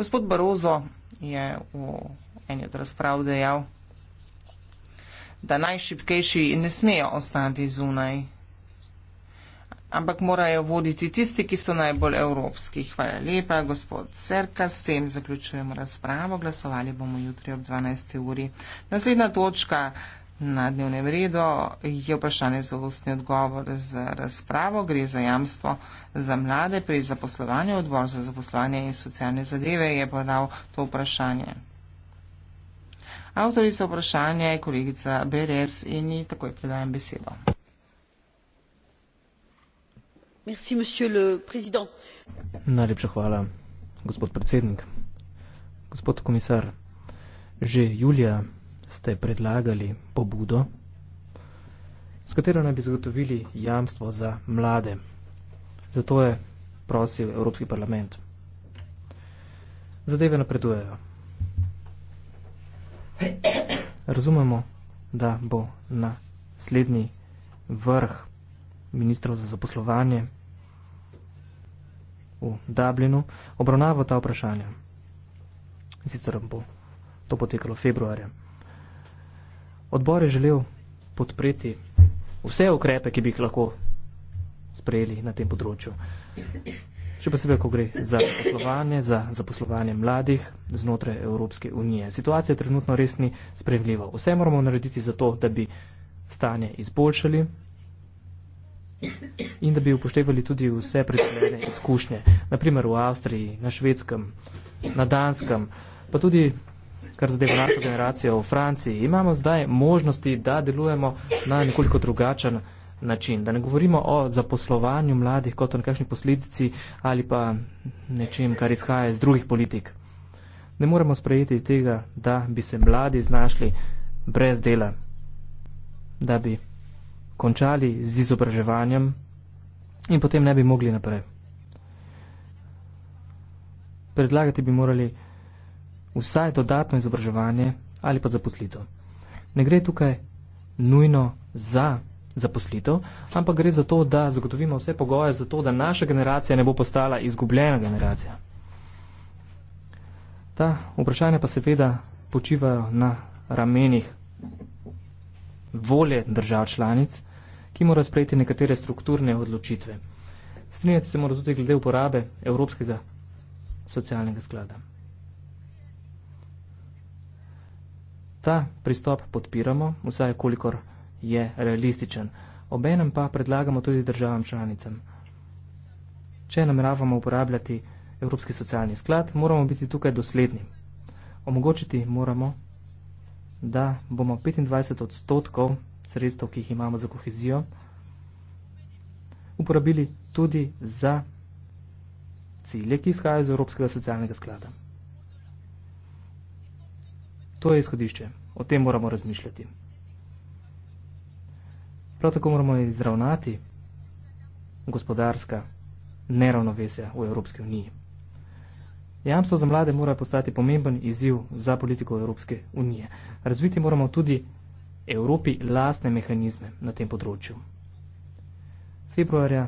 Gospod Barozo je v eni od razprav dejal, da najšipkejši ne smejo ostati zunaj, ampak morajo voditi tisti, ki so najbolj evropski. Hvala lepa, gospod Serka, s tem zaključujemo razpravo. Glasovali bomo jutri ob 12. uri. Naslednja točka na dnevnem redu je vprašanje za ustni odgovor z razpravo. Gre za jamstvo za mlade pri zaposlovanju. Odbor za zaposlovanje in socialne zadeve je podal to vprašanje. Avtorica vprašanja je kolegica Beres in ji takoj predajam besedo. Merci, Najlepša hvala, gospod predsednik. Gospod komisar, že julija ste predlagali pobudo, s katero naj bi zagotovili jamstvo za mlade. Zato je prosil Evropski parlament. Zadeve napredujejo. Razumemo, da bo na slednji vrh ministrov za zaposlovanje v Dublinu obravnava ta vprašanja. Sicer bo to potekalo februarja. Odbor je želel podpreti vse ukrepe, ki bi jih lahko sprejeli na tem področju. Še posebej, ko gre za poslovanje, za zaposlovanje mladih znotraj Evropske unije. Situacija trenutno res ni sprejemljiva. Vse moramo narediti za to, da bi stanje izboljšali in da bi upoštevali tudi vse predvidene izkušnje. Naprimer v Avstriji, na Švedskem, na Danskem, pa tudi kar zadeva našo generacijo v Franciji, imamo zdaj možnosti, da delujemo na nekoliko drugačen način. Da ne govorimo o zaposlovanju mladih kot o nekakšni posledici ali pa nečem, kar izhaja iz drugih politik. Ne moremo sprejeti tega, da bi se mladi znašli brez dela, da bi končali z izobraževanjem in potem ne bi mogli naprej. Predlagati bi morali vsaj dodatno izobraževanje ali pa zaposlitev. Ne gre tukaj nujno za zaposlitev, ampak gre za to, da zagotovimo vse pogoje za to, da naša generacija ne bo postala izgubljena generacija. Ta vprašanja pa seveda počivajo na ramenih volje držav članic, ki mora sprejeti nekatere strukturne odločitve. Strinjati se mora tudi glede uporabe Evropskega socialnega sklada. Ta pristop podpiramo, vsaj kolikor je realističen. Obenem pa predlagamo tudi državam članicam. Če nameravamo uporabljati Evropski socialni sklad, moramo biti tukaj dosledni. Omogočiti moramo, da bomo 25 odstotkov sredstev, ki jih imamo za kohezijo, uporabili tudi za cilje, ki izhajajo iz Evropskega socialnega sklada. To je izhodišče. O tem moramo razmišljati. Prav tako moramo izravnati gospodarska neravnovesja v Evropski uniji. Jamstvo za mlade mora postati pomemben izziv za politiko Evropske unije. Razviti moramo tudi Evropi lastne mehanizme na tem področju. Februarja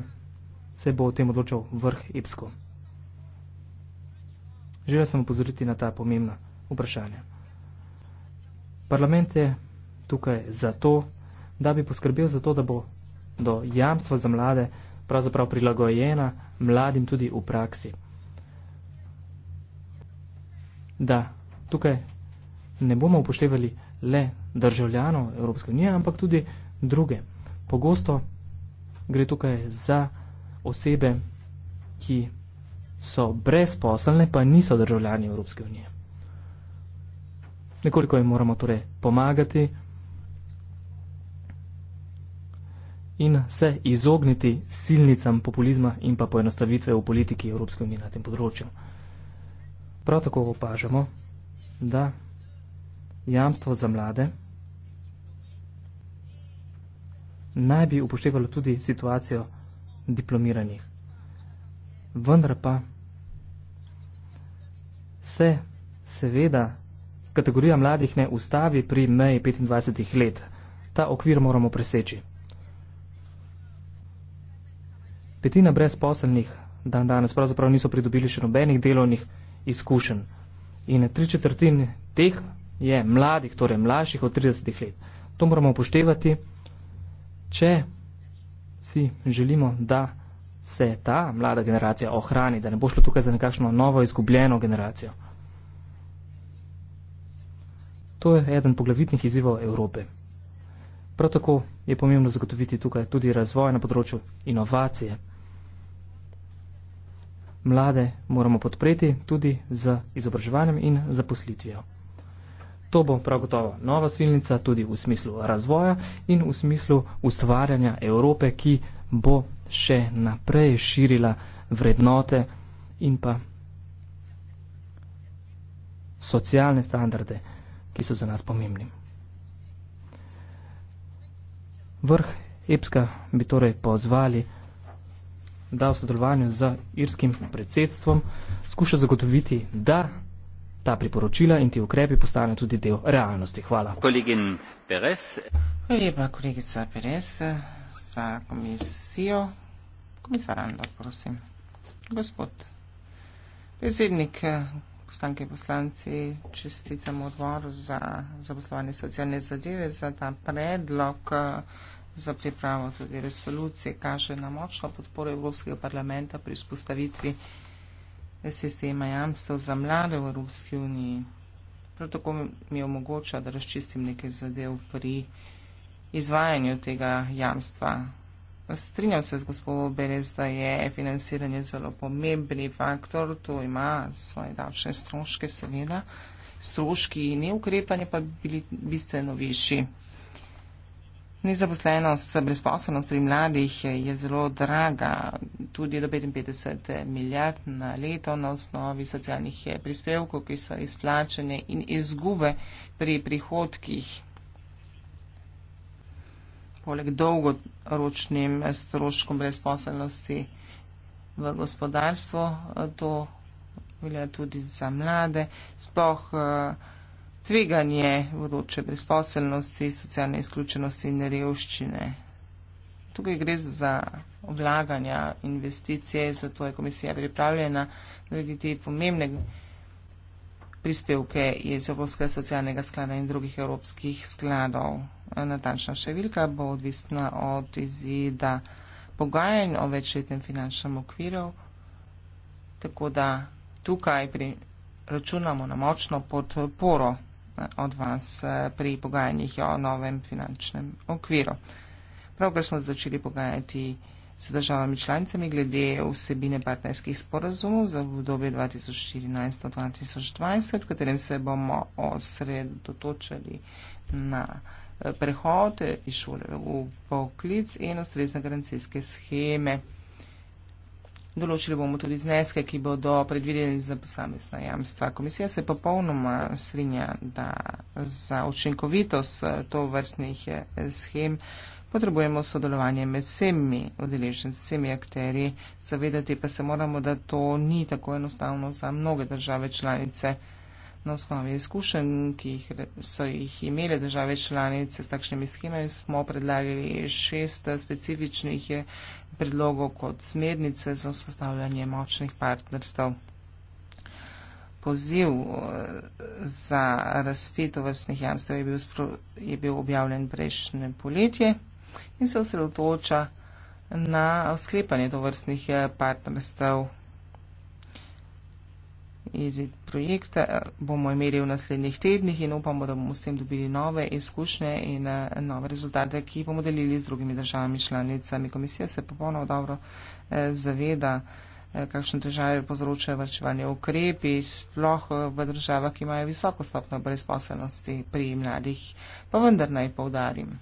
se bo o tem odločal vrh EPSKO. Želel sem upozoriti na ta pomembna vprašanja. Parlament je tukaj zato, da bi poskrbel za to, da bo do jamstva za mlade pravzaprav prilagojena mladim tudi v praksi. Da tukaj ne bomo upoštevali le državljanov Evropske unije, ampak tudi druge. Pogosto gre tukaj za osebe, ki so brezposelne, pa niso državljani Evropske unije nekoliko jim moramo torej pomagati in se izogniti silnicam populizma in pa poenostavitve v politiki Evropske unije na tem področju. Prav tako opažamo, da jamstvo za mlade naj bi upoštevalo tudi situacijo diplomiranih. Vendar pa se seveda kategorija mladih ne ustavi pri meji 25 let. Ta okvir moramo preseči. Petina brezposelnih dan danes pravzaprav niso pridobili še nobenih delovnih izkušenj. In tri četrtin teh je mladih, torej mlajših od 30 let. To moramo upoštevati, če si želimo, da se ta mlada generacija ohrani, da ne bo šlo tukaj za nekakšno novo izgubljeno generacijo. To je eden poglavitnih izzivov Evrope. Prav tako je pomembno zagotoviti tukaj tudi razvoj na področju inovacije. Mlade moramo podpreti tudi z izobraževanjem in zaposlitvijo. To bo prav gotovo nova silnica tudi v smislu razvoja in v smislu ustvarjanja Evrope, ki bo še naprej širila vrednote in pa socialne standarde ki so za nas pomembni. Vrh EPSKA bi torej pozvali, da v sodelovanju z irskim predsedstvom skuša zagotoviti, da ta priporočila in ti ukrepi postane tudi del realnosti. Hvala. Kolegin Perez. Hvala lepa, kolegica Perez, za komisijo. Komisar Ando, prosim. Gospod predsednik poslanke in poslanci čestitam odboru za zaposlovanje socialne zadeve za ta predlog eh, za pripravo tudi resolucije. Kaže na močno podporo Evropskega parlamenta pri vzpostavitvi sistema jamstev za mlade v Evropski uniji. Prav tako mi je omogoča, da razčistim nekaj zadev pri izvajanju tega jamstva Strinjam se z gospodom Berez, da je financiranje zelo pomembni faktor, to ima svoje davčne stroške, seveda. Stroški neukrepanja pa bi bili bistveno višji. Nezaposlenost, brezposobnost pri mladih je zelo draga, tudi do 55 milijard na leto na osnovi socialnih eh, prispevkov, ki so izplačene in izgube pri prihodkih poleg dolgoročnim stroškom brezposelnosti v gospodarstvu, eh, to velja tudi za mlade, sploh eh, tveganje vodoče brezposelnosti, socialne izključenosti in revščine. Tukaj gre za vlaganja investicije, zato je komisija pripravljena narediti pomembne prispevke iz Evropskega socialnega sklada in drugih evropskih skladov natančna številka bo odvisna od izida pogajanj o večletnem finančnem okviru. Tako da tukaj pri, računamo na močno podporo eh, od vas eh, pri pogajanjih o novem finančnem okviru. Pravkar smo začeli pogajati s državami članicami glede vsebine partnerskih sporazumov za obdobje 2014-2020, v katerem se bomo osredotočili na prehod iz šole v poklic in ustrezne garancijske scheme. Določili bomo tudi zneske, ki bodo predvideni za posamezna jamstva. Komisija se popolnoma strinja, da za učinkovitost eh, to vrstnih eh, schem potrebujemo sodelovanje med vsemi udeleženci, vsemi akteri. Zavedati pa se moramo, da to ni tako enostavno za mnoge države članice. Na osnovi izkušenj, ki jih so jih imele države članice s takšnimi schemami, smo predlagali šest eh, specifičnih eh, predlogov kot smernice za vzpostavljanje močnih partnerstv. Poziv eh, za razpito vrstnih jamstev je bil, spro, je bil objavljen prejšnje poletje in se osredotoča na sklepanje tovrstnih partnerstv izid projekta bomo imeli v naslednjih tednih in upamo, da bomo s tem dobili nove izkušnje in eh, nove rezultate, ki jih bomo delili z drugimi državami članicami. Komisija se popolnoma dobro eh, zaveda, eh, kakšne države povzročajo vrčevanje ukrepi, sploh v državah, ki imajo visoko stopno brezposelnosti pri mladih. Pa vendar naj povdarim.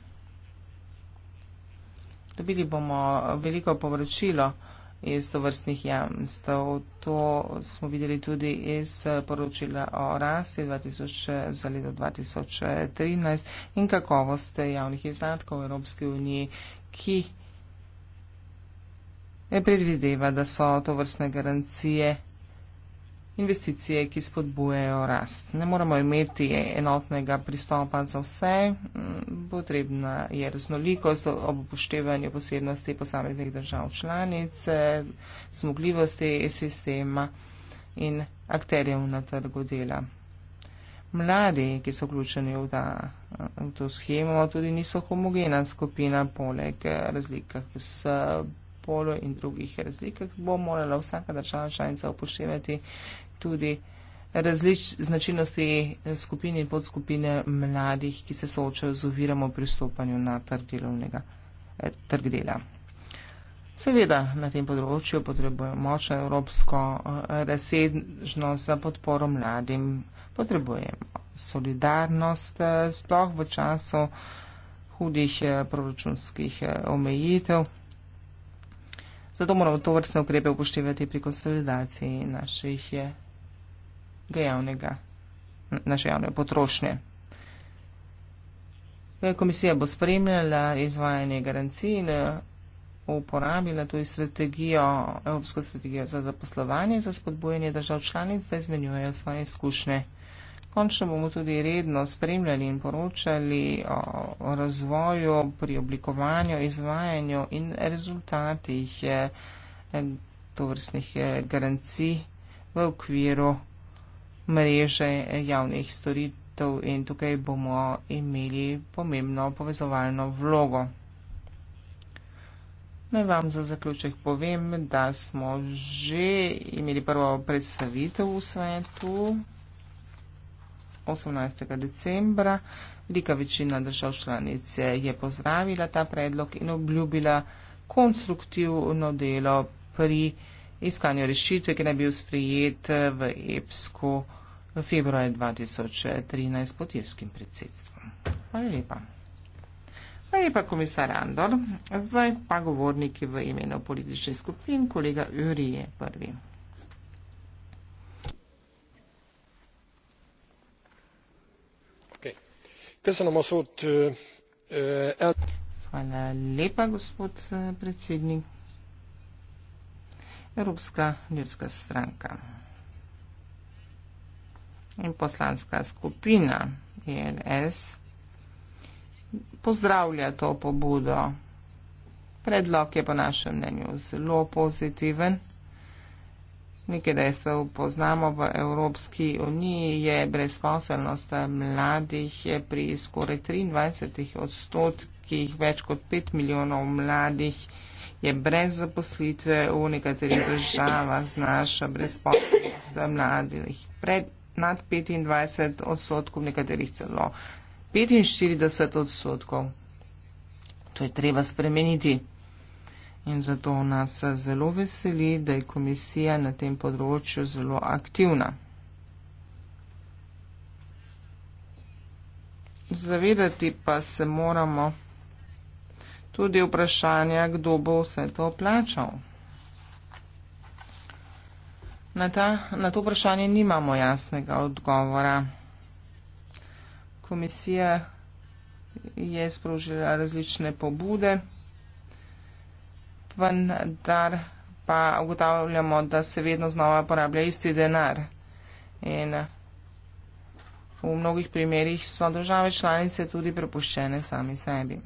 Dobili bomo veliko povračilo iz tovrstnih jamstv. To smo videli tudi iz poročila o rasti 2000, za leto 2013 in kakovost javnih izdatkov v Evropski uniji, ki predvideva, da so tovrstne garancije investicije, ki spodbujajo rast. Ne moramo imeti enotnega pristopa za vse, potrebna je raznolikost ob upoštevanju posebnosti posameznih držav članic, zmogljivosti sistema in akterjev na trgu dela. Mladi, ki so vključeni v, ta, v to schemo, tudi niso homogena skupina, poleg razlikah v SB polu in drugih razlikah, bo morala vsaka država članica upoštevati tudi različ značilnosti skupine in podskupine mladih, ki se soočajo z oviramo pri vstopanju na trg delovnega eh, trg dela. Seveda na tem področju potrebujemo močno evropsko eh, razsežnost za podporo mladim, potrebujemo solidarnost, eh, sploh v času hudih eh, proračunskih omejitev. Zato moramo to vrstne ukrepe upoštevati pri konsolidaciji naših dejavnega, naše javne potrošnje. Komisija bo spremljala izvajanje garancij in eh, uporabila tudi strategijo, evropsko strategijo za zaposlovanje, za spodbujanje držav članic, da izmenjujejo svoje izkušnje. Končno bomo tudi redno spremljali in poročali o razvoju pri oblikovanju, izvajanju in rezultatih tovrstnih garancij v okviru mreže javnih storitev in tukaj bomo imeli pomembno povezovalno vlogo. Naj vam za zaključek povem, da smo že imeli prvo predstavitev v svetu. 18. decembra. Velika večina držav članice je pozdravila ta predlog in obljubila konstruktivno delo pri iskanju rešitve, ki naj bi usprejet v EPSKO v februarju 2013 pod irskim predsedstvom. Hvala lepa. Hvala lepa, komisar Andor. Zdaj pa govorniki v imenu politične skupin, kolega Jurije prvi. Hvala lepa, gospod predsednik. Evropska ljudska stranka in poslanska skupina ELS pozdravlja to pobudo. Predlog je po našem mnenju zelo pozitiven. Nekaj dejstev poznamo v Evropski uniji, je brezposelnost mladih pri skoraj 23 odstotkih, več kot 5 milijonov mladih je brez zaposlitve v nekaterih državah znaša brezposelnost mladih. Pred nad 25 odstotkov, nekaterih celo 45 odstotkov. To je treba spremeniti. In zato nas zelo veseli, da je komisija na tem področju zelo aktivna. Zavedati pa se moramo tudi vprašanja, kdo bo vse to plačal. Na, ta, na to vprašanje nimamo jasnega odgovora. Komisija je sprožila različne pobude vendar pa ugotavljamo, da se vedno znova porablja isti denar. In v mnogih primerjih so države članice tudi prepuščene sami sebi.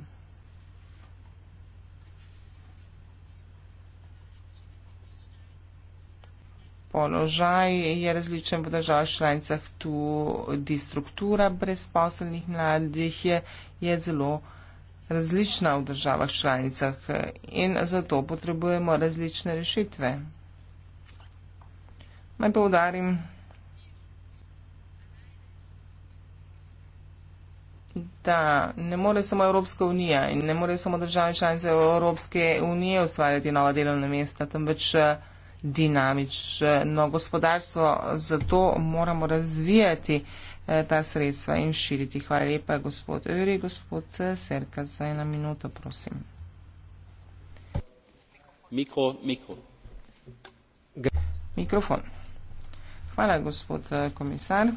Položaj je različen v državah članicah, tudi struktura brezposelnih mladih je, je zelo različna različna v državah članicah eh, in zato potrebujemo različne rešitve. Naj poudarim, da ne more samo Evropska unija in ne more samo države članice Evropske unije ustvarjati nova delovna mesta, temveč eh, dinamično gospodarstvo. Zato moramo razvijati Eh, ta sredstva in širiti. Hvala lepa, gospod Öri, gospod eh, Serka, za eno minuto, prosim. Mikro, mikro. Mikrofon. Hvala, gospod eh, komisar.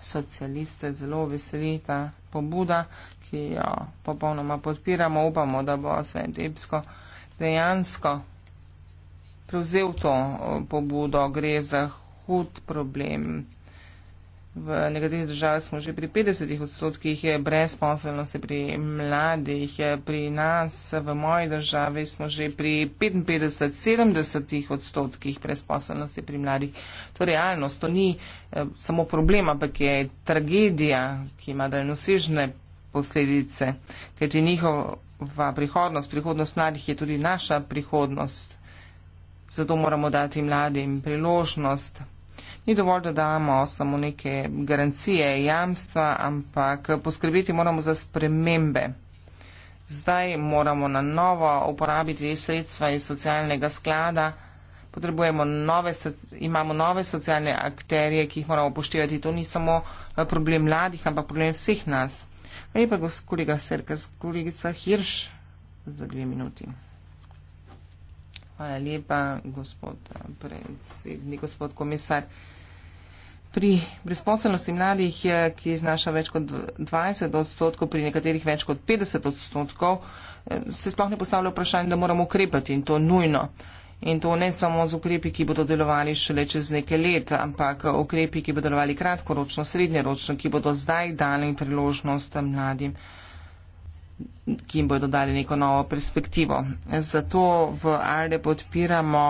Socialiste zelo veseli ta pobuda, ki jo popolnoma podpiramo. Upamo, da bo svet Epsko dejansko prevzel to pobudo. Gre za hud problem V nekaterih državah smo že pri 50 odstotkih brezposobnosti pri mladih, pri nas v moji državi smo že pri 55-70 odstotkih brezposobnosti pri mladih. To je realnost, to ni eh, samo problem, ampak je tragedija, ki ima daljnosežne posledice, kajti njihova prihodnost, prihodnost mladih je tudi naša prihodnost. Zato moramo dati mladim priložnost ni dovolj, da damo samo neke garancije, jamstva, ampak poskrbeti moramo za spremembe. Zdaj moramo na novo uporabiti sredstva iz socialnega sklada, nove, imamo nove socialne akterje, ki jih moramo upoštevati. To ni samo eh, problem mladih, ampak problem vseh nas. Hvala lepa, kolega Serkas, kolegica Hirš, za dve minuti. Hvala lepa, gospod eh, predsednik, gospod komisar. Pri brezposelnosti mladih, ki znaša več kot 20 odstotkov, pri nekaterih več kot 50 odstotkov, eh, se sploh ne postavlja vprašanje, da moramo ukrepati in to nujno. In to ne samo z ukrepi, ki bodo delovali šele čez nekaj let, ampak ukrepi, ki bodo delovali kratkoročno, srednjeročno, ki bodo zdaj dali priložnost mladim, ki jim bodo dali neko novo perspektivo. Zato v ARDE podpiramo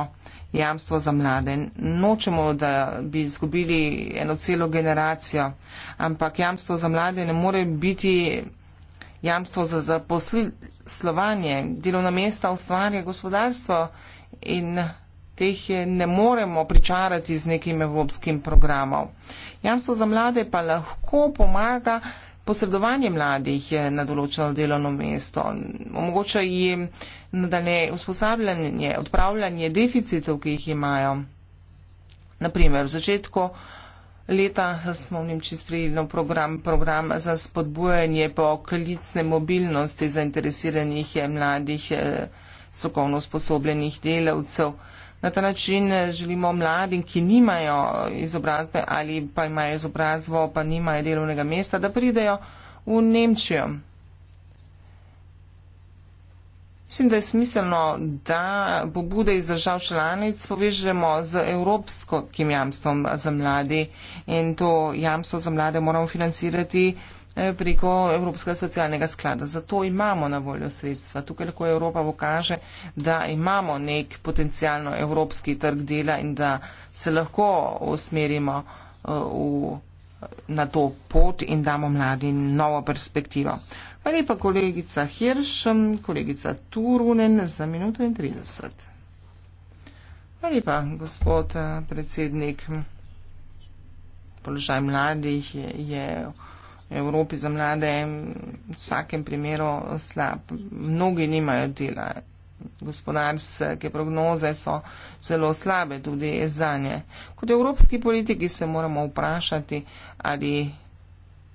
jamstvo za mlade. Nočemo, da bi izgubili eno celo generacijo, ampak jamstvo za mlade ne more biti jamstvo za zaposlovanje. Delovna mesta ustvarja gospodarstvo in teh ne moremo pričarati z nekim evropskim programom. Jamstvo za mlade pa lahko pomaga posredovanje mladih na določeno delovno mesto. Omogoča jim nadaljne usposabljanje, odpravljanje deficitov, ki jih imajo. Naprimer, v začetku leta smo v Nemčiji sprejeli nov program, program za spodbujanje po klicne mobilnosti zainteresiranih eh, mladih eh, strokovno usposobljenih delavcev. Na ta način eh, želimo mladim, ki nimajo izobrazbe ali pa imajo izobrazbo, pa nimajo delovnega mesta, da pridejo v Nemčijo. Mislim, da je smiselno, da pobude iz držav članic povežemo z evropskim jamstvom za mladi in to jamstvo za mlade moramo financirati eh, preko Evropskega socialnega sklada. Zato imamo na voljo sredstva. Tukaj lahko Evropa pokaže, da imamo nek potencijalno evropski trg dela in da se lahko usmerimo eh, v, na to pot in damo mladim novo perspektivo. Hvala lepa, kolegica Hirš, kolegica Turunen, za minuto in 30. Hvala lepa, gospod eh, predsednik. Položaj mladih je v Evropi za mlade v vsakem primeru slab. Mnogi nimajo dela. Gospodarske prognoze so zelo slabe tudi za nje. Kot evropski politiki se moramo vprašati, ali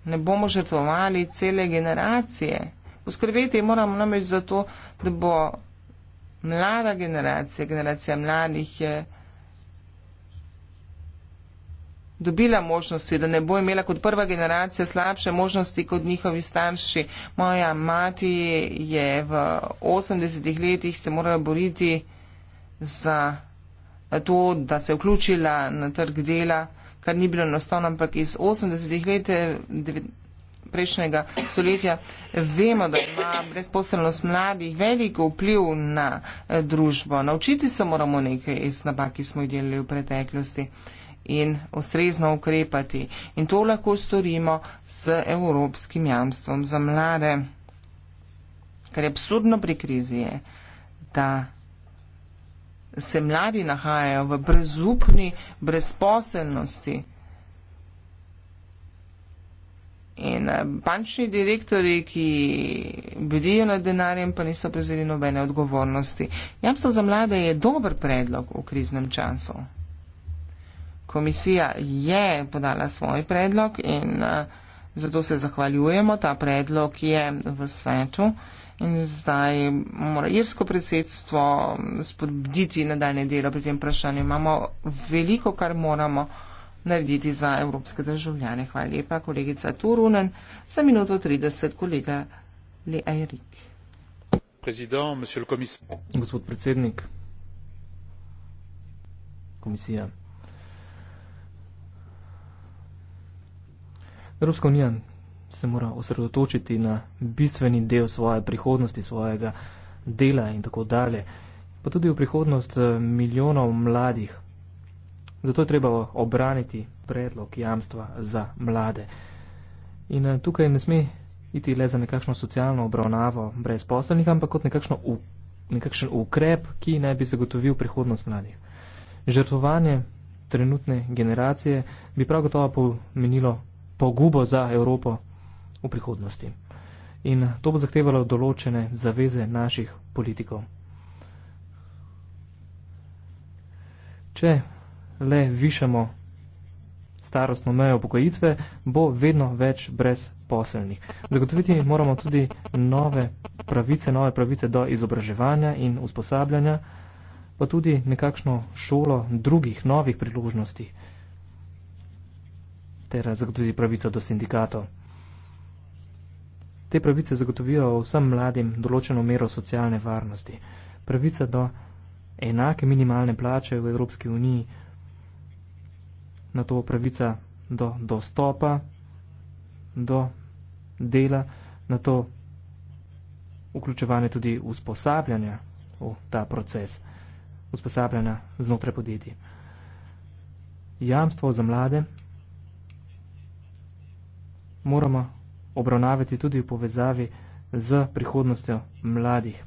ne bomo žrtvovali cele generacije. Poskrbeti moramo namreč za to, da bo mlada generacija, generacija mladih je dobila možnosti, da ne bo imela kot prva generacija slabše možnosti kot njihovi starši. Moja mati je v 80-ih letih se morala boriti za to, da se je vključila na trg dela kar ni bilo enostavno, ampak iz 80-ih let eh, prejšnjega stoletja vemo, da ima brezposelnost mladih veliko vpliv na eh, družbo. Naučiti se moramo nekaj iz napak, ki smo jih delali v preteklosti in ustrezno ukrepati. In to lahko storimo z evropskim jamstvom za mlade, ker je absurdno pri krizi, da se mladi nahajajo v brezupni brezposelnosti. In eh, bančni direktori, ki bdijo nad denarjem, pa niso prezeli nobene odgovornosti. Jamstvo za mlade je dober predlog v kriznem času. Komisija je podala svoj predlog in uh, zato se zahvaljujemo. Ta predlog je v svetu. Uh, in zdaj mora irsko predsedstvo spodbuditi nadaljne delo pri tem vprašanju. Imamo veliko, kar moramo narediti za evropske državljane. Hvala lepa, kolegica Turunen. Za minuto 30, kolega Le Ayrik. Gospod predsednik, komisija. Evropska unija se mora osredotočiti na bistveni del svoje prihodnosti, svojega dela in tako dalje, pa tudi v prihodnost eh, milijonov mladih. Zato je treba obraniti predlog jamstva za mlade. In eh, tukaj ne sme iti le za nekakšno socialno obravnavo brezposelnih, ampak kot nekakšno, nekakšen ukrep, ki naj bi zagotovil prihodnost mladih. Žrtovanje trenutne generacije bi prav gotovo pomenilo pogubo za Evropo v prihodnosti. In to bo zahtevalo določene zaveze naših politikov. Če le višamo starostno mejo pokojitve, bo vedno več brez poselnih. Zagotoviti moramo tudi nove pravice, nove pravice do izobraževanja in usposabljanja, pa tudi nekakšno šolo drugih novih priložnosti, ter zagotoviti pravico do sindikatov. Te pravice zagotovijo vsem mladim določeno mero socialne varnosti. Pravica do enake minimalne plače v Evropski uniji, na to pravica do dostopa, do dela, na to vključevanje tudi usposabljanja v ta proces, usposabljanja znotraj podjetij. Jamstvo za mlade moramo obravnavati tudi v povezavi z prihodnostjo mladih.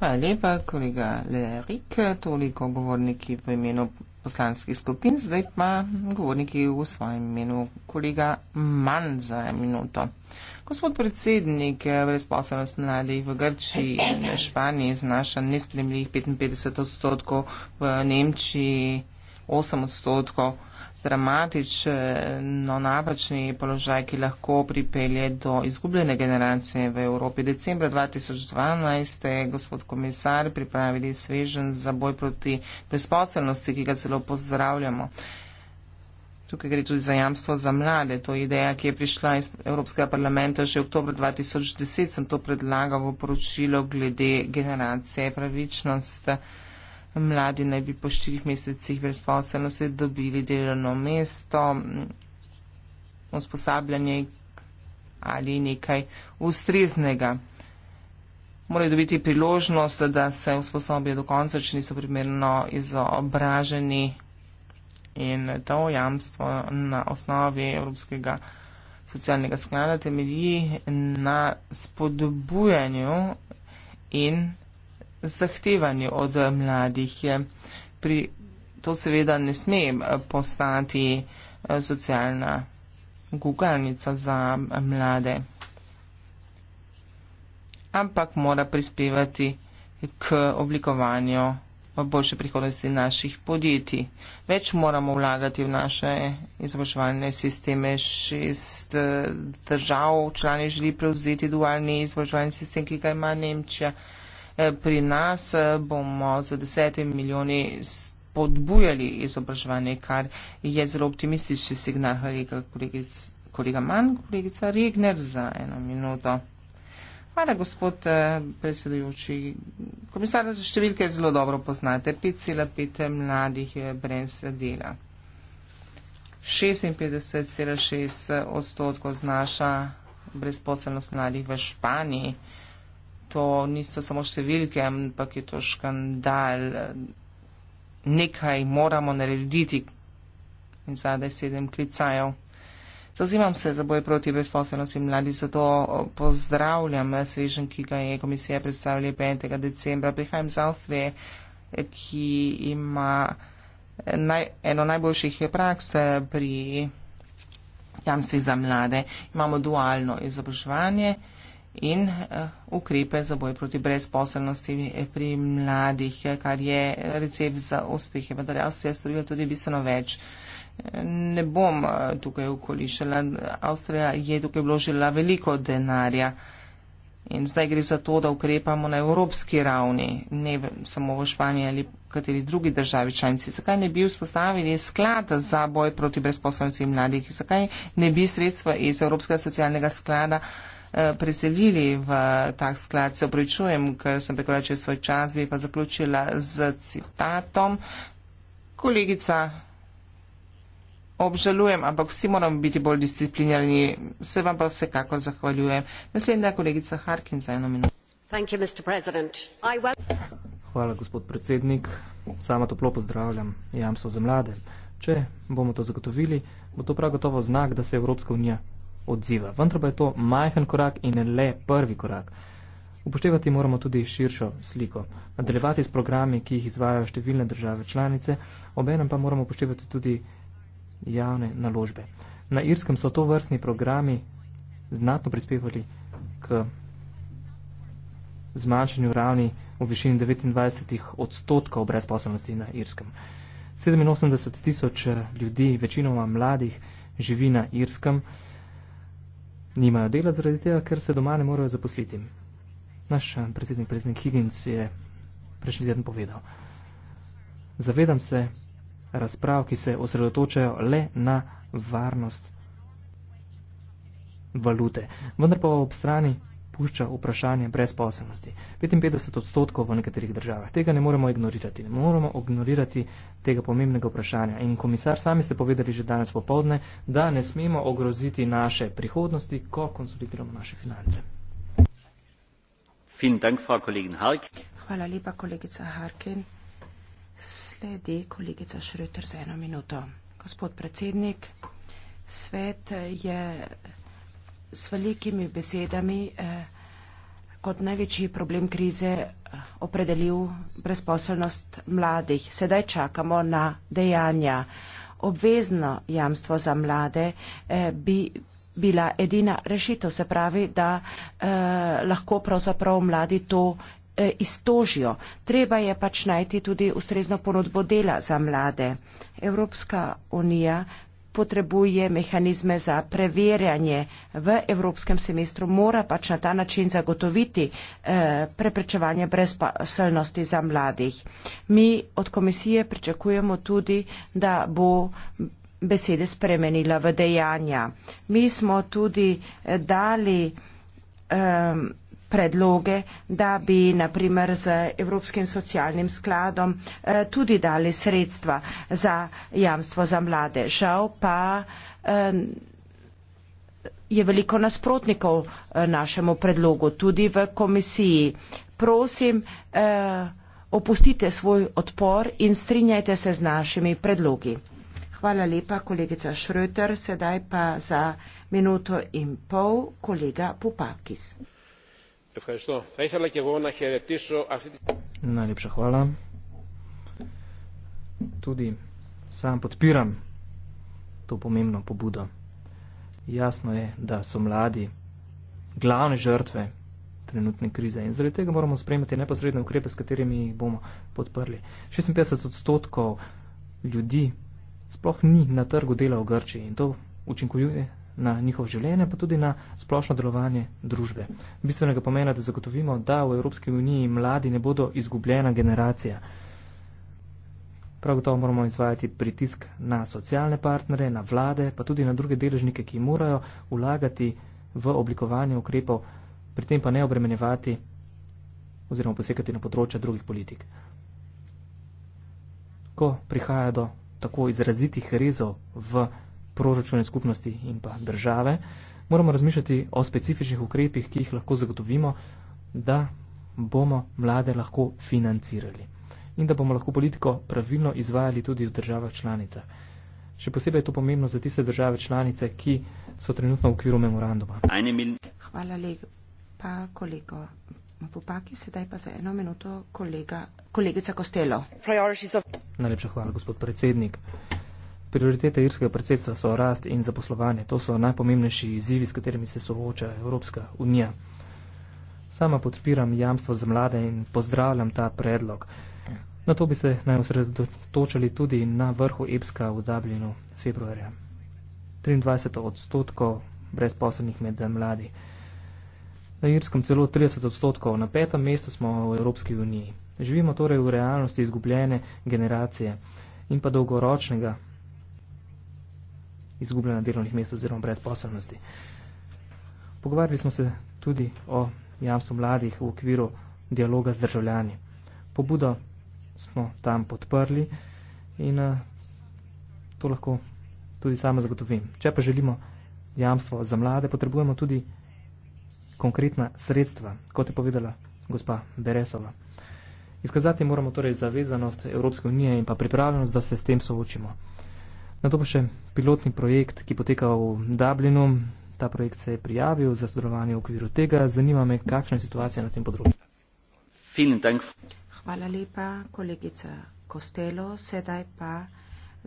Hvala lepa, kolega Lerik, toliko govorniki v imenu poslanskih skupin, zdaj pa govorniki v svojem imenu, kolega manj za minuto. Gospod predsednik, brezposobnost mladih v Grčiji in Španiji znaša nespremljivih 55 odstotkov, v Nemčiji 8 odstotkov dramatično napačni položaj, ki lahko pripelje do izgubljene generacije v Evropi. Decembra 2012 je gospod komisar pripravili svežen za boj proti brezposelnosti, ki ga zelo pozdravljamo. Tukaj gre tudi za jamstvo za mlade. To je ideja, ki je prišla iz Evropskega parlamenta že v oktober 2010. Sem to predlagal v poročilo glede generacije pravičnosti mladi naj bi po štirih mesecih brezposelnosti dobili delovno mesto, usposabljanje ali nekaj ustreznega. Morajo dobiti priložnost, da se usposobijo do konca, če niso primerno izobraženi. In to jamstvo na osnovi Evropskega socialnega sklada temelji na spodbujanju in zahtevani od mladih. Pri, to seveda ne sme eh, postati eh, socialna gugalnica za mlade, ampak mora prispevati k oblikovanju boljše prihodnosti naših podjetij. Več moramo vlagati v naše izobraževalne sisteme. Šest eh, držav člani želi prevzeti dualni izobraževalni sistem, ki ga ima Nemčija pri nas eh, bomo z desetimi milijoni podbujali izobraževanje, kar je zelo optimistični signal. Hvala lepa, kolega Mann, kolegica Regner, za eno minuto. Hvala, gospod eh, predsedujoči. Komisar za številke zelo dobro poznate. 5,5 eh, mladih je brez dela. 56,6 odstotkov znaša brezposelnost mladih v Španiji to niso samo številke, ampak je to škandal. Nekaj moramo narediti. In zadaj sedem klicajev. Zauzimam se za boj proti brezposelnosti mladi, zato pozdravljam svežen, ki ga je komisija predstavila 5. decembra. Prihajam iz Avstrije, ki ima naj, eno najboljših praks pri jamstvi za mlade. Imamo dualno izobraževanje in eh, ukrepe za boj proti brezposelnosti eh, pri mladih, eh, kar je recept za uspehe. Vendar Avstrija storila tudi bistveno več. Ne bom tukaj okolišala. Avstrija je tukaj vložila veliko denarja. In zdaj gre za to, da ukrepamo na evropski ravni, ne samo v Španiji ali kateri drugi državi članici. Zakaj ne bi vzpostavili sklad za boj proti brezposobnosti mladih? Zakaj ne bi sredstva iz Evropskega socialnega sklada uh, Eh, preselili v tak sklad. Se opravičujem, ker sem prekoračil svoj čas, bi pa zaključila z citatom. Kolegica, obžalujem, ampak vsi moramo biti bolj disciplinirani. Se vam pa vsekako zahvaljujem. Naslednja kolegica Harkin za eno minuto. Thank you, Mr. President. I will... Hvala, gospod predsednik. Sama toplo pozdravljam jamstvo za mlade. Če bomo to zagotovili, bo to prav gotovo znak, da se Evropska unija odziva. Vendar pa je to majhen korak in le prvi korak. Upoštevati moramo tudi širšo sliko, nadaljevati s programi, ki jih izvajajo številne države članice, obenem pa moramo upoštevati tudi javne naložbe. Na Irskem so to vrstni programi znatno prispevali k zmanjšanju ravni v višini 29 odstotkov brezposobnosti na Irskem. 87 tisoč ljudi, večinoma mladih, živi na Irskem nimajo dela zaradi tega, ker se doma ne morejo zaposliti. Naš eh, predsednik, predsednik Higgins je prejšnji teden povedal. Zavedam se razprav, ki se osredotočajo le na varnost valute. Vendar pa ob strani pušča vprašanje brezposobnosti. 55 odstotkov v nekaterih državah. Tega ne moremo ignorirati. Ne moremo ignorirati tega pomembnega vprašanja. In komisar, sami ste povedali že danes popovdne, da ne smemo ogroziti naše prihodnosti, ko konsolidiramo naše finance. Hvala lepa, kolegica Harkin. Sledi kolegica Šreter za eno minuto. Gospod predsednik, svet je s velikimi besedami eh, kot največji problem krize eh, opredelil brezposelnost mladih. Sedaj čakamo na dejanja. Obvezno jamstvo za mlade eh, bi bila edina rešitev, se pravi, da lahko pravzaprav mladi to istožijo. Treba je pač najti tudi ustrezno ponudbo dela za mlade. Evropska unija potrebuje mehanizme za preverjanje v evropskem semestru, mora pač na ta način zagotoviti eh, preprečevanje brezposelnosti za mladih. Mi od komisije pričakujemo tudi, da bo besede spremenila v dejanja. Mi smo tudi eh, dali. Eh, predloge, da bi naprimer z Evropskim socialnim skladom eh, tudi dali sredstva za jamstvo za mlade. Žal pa je veliko nasprotnikov eh, našemu predlogu, tudi v komisiji. Prosim, eh, opustite svoj odpor in strinjajte se z našimi predlogi. Hvala lepa, kolegica Šröter, sedaj pa za minuto in pol kolega Pupakis. Ευχαριστώ. Θα ήθελα και εγώ να χαιρετήσω αυτή τη... Να λείψε χωάλα. Τούτι, σαν ποτπήραν το πομίμνο που Μπούντα. Ясно е да со млади главни жртве тренутни криза и заради тега морамо спремати непосредно укрепе с катери ми их бомо подпрли. 56% луѓи спрох ни на тргу дела у Грчи и то учинкуюе na njihovo življenje, pa tudi na splošno delovanje družbe. Bistvenega pomena, da zagotovimo, da v Evropski uniji mladi ne bodo izgubljena generacija. Prav gotovo moramo izvajati pritisk na socialne partnere, na vlade, pa tudi na druge deležnike, ki morajo vlagati v oblikovanje ukrepov, pri tem pa ne obremenjevati oziroma posekati na področja drugih politik. Ko prihaja do tako izrazitih rezov v proračune skupnosti in pa države, moramo razmišljati o specifičnih ukrepih, ki jih lahko zagotovimo, da bomo mlade lahko financirali in da bomo lahko politiko pravilno izvajali tudi v državah članicah. Še posebej je to pomembno za tiste države članice, ki so trenutno v okviru memoranduma. Hvala lepa, kolego. Popaki, sedaj pa za eno minuto kolega, kolegica Kostelo. Of... Najlepša hvala, gospod predsednik. Prioritete irskega predsedstva so rast in zaposlovanje. To so najpomembnejši izzivi, s katerimi se sooča Evropska unija. Sama podpiram jamstvo za mlade in pozdravljam ta predlog. Na to bi se naj osredotočili tudi na vrhu EPSKA v Dublinu februarja. 23 odstotkov brezposobnih med mladi. Na Irskem celo 30 odstotkov, na petem mestu smo v Evropski uniji. Živimo torej v realnosti izgubljene generacije in pa dolgoročnega izgubljena delovnih mest oziroma brezposobnosti. Pogovarjali smo se tudi o jamstvu mladih v okviru dialoga z državljani. Pobudo smo tam podprli in eh, to lahko tudi sama zagotovim. Če pa želimo jamstvo za mlade, potrebujemo tudi konkretna sredstva, kot je povedala gospa Beresova. Izkazati moramo torej zavezanost Evropske unije in pa pripravljenost, da se s tem soočimo. Na to pa še pilotni projekt, ki poteka v Dublinu. Ta projekt se je prijavil za sodelovanje v okviru tega. Zanima me, kakšna je situacija na tem področju. Hvala lepa, kolegica Kostelo. Sedaj pa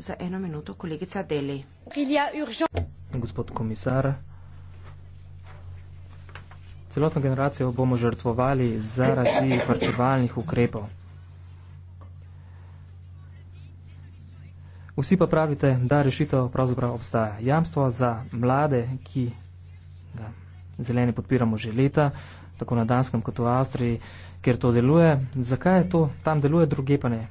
za eno minuto, kolegica Deli. Gospod komisar. Celotno generacijo bomo žrtvovali zaradi varčevalnih ukrepov. Vsi pa pravite, da rešitev pravzaprav obstaja. Jamstvo za mlade, ki da, zeleni podpiramo že leta, tako na Danskem kot v Avstriji, kjer to deluje. Zakaj je to tam deluje, druge pa ne?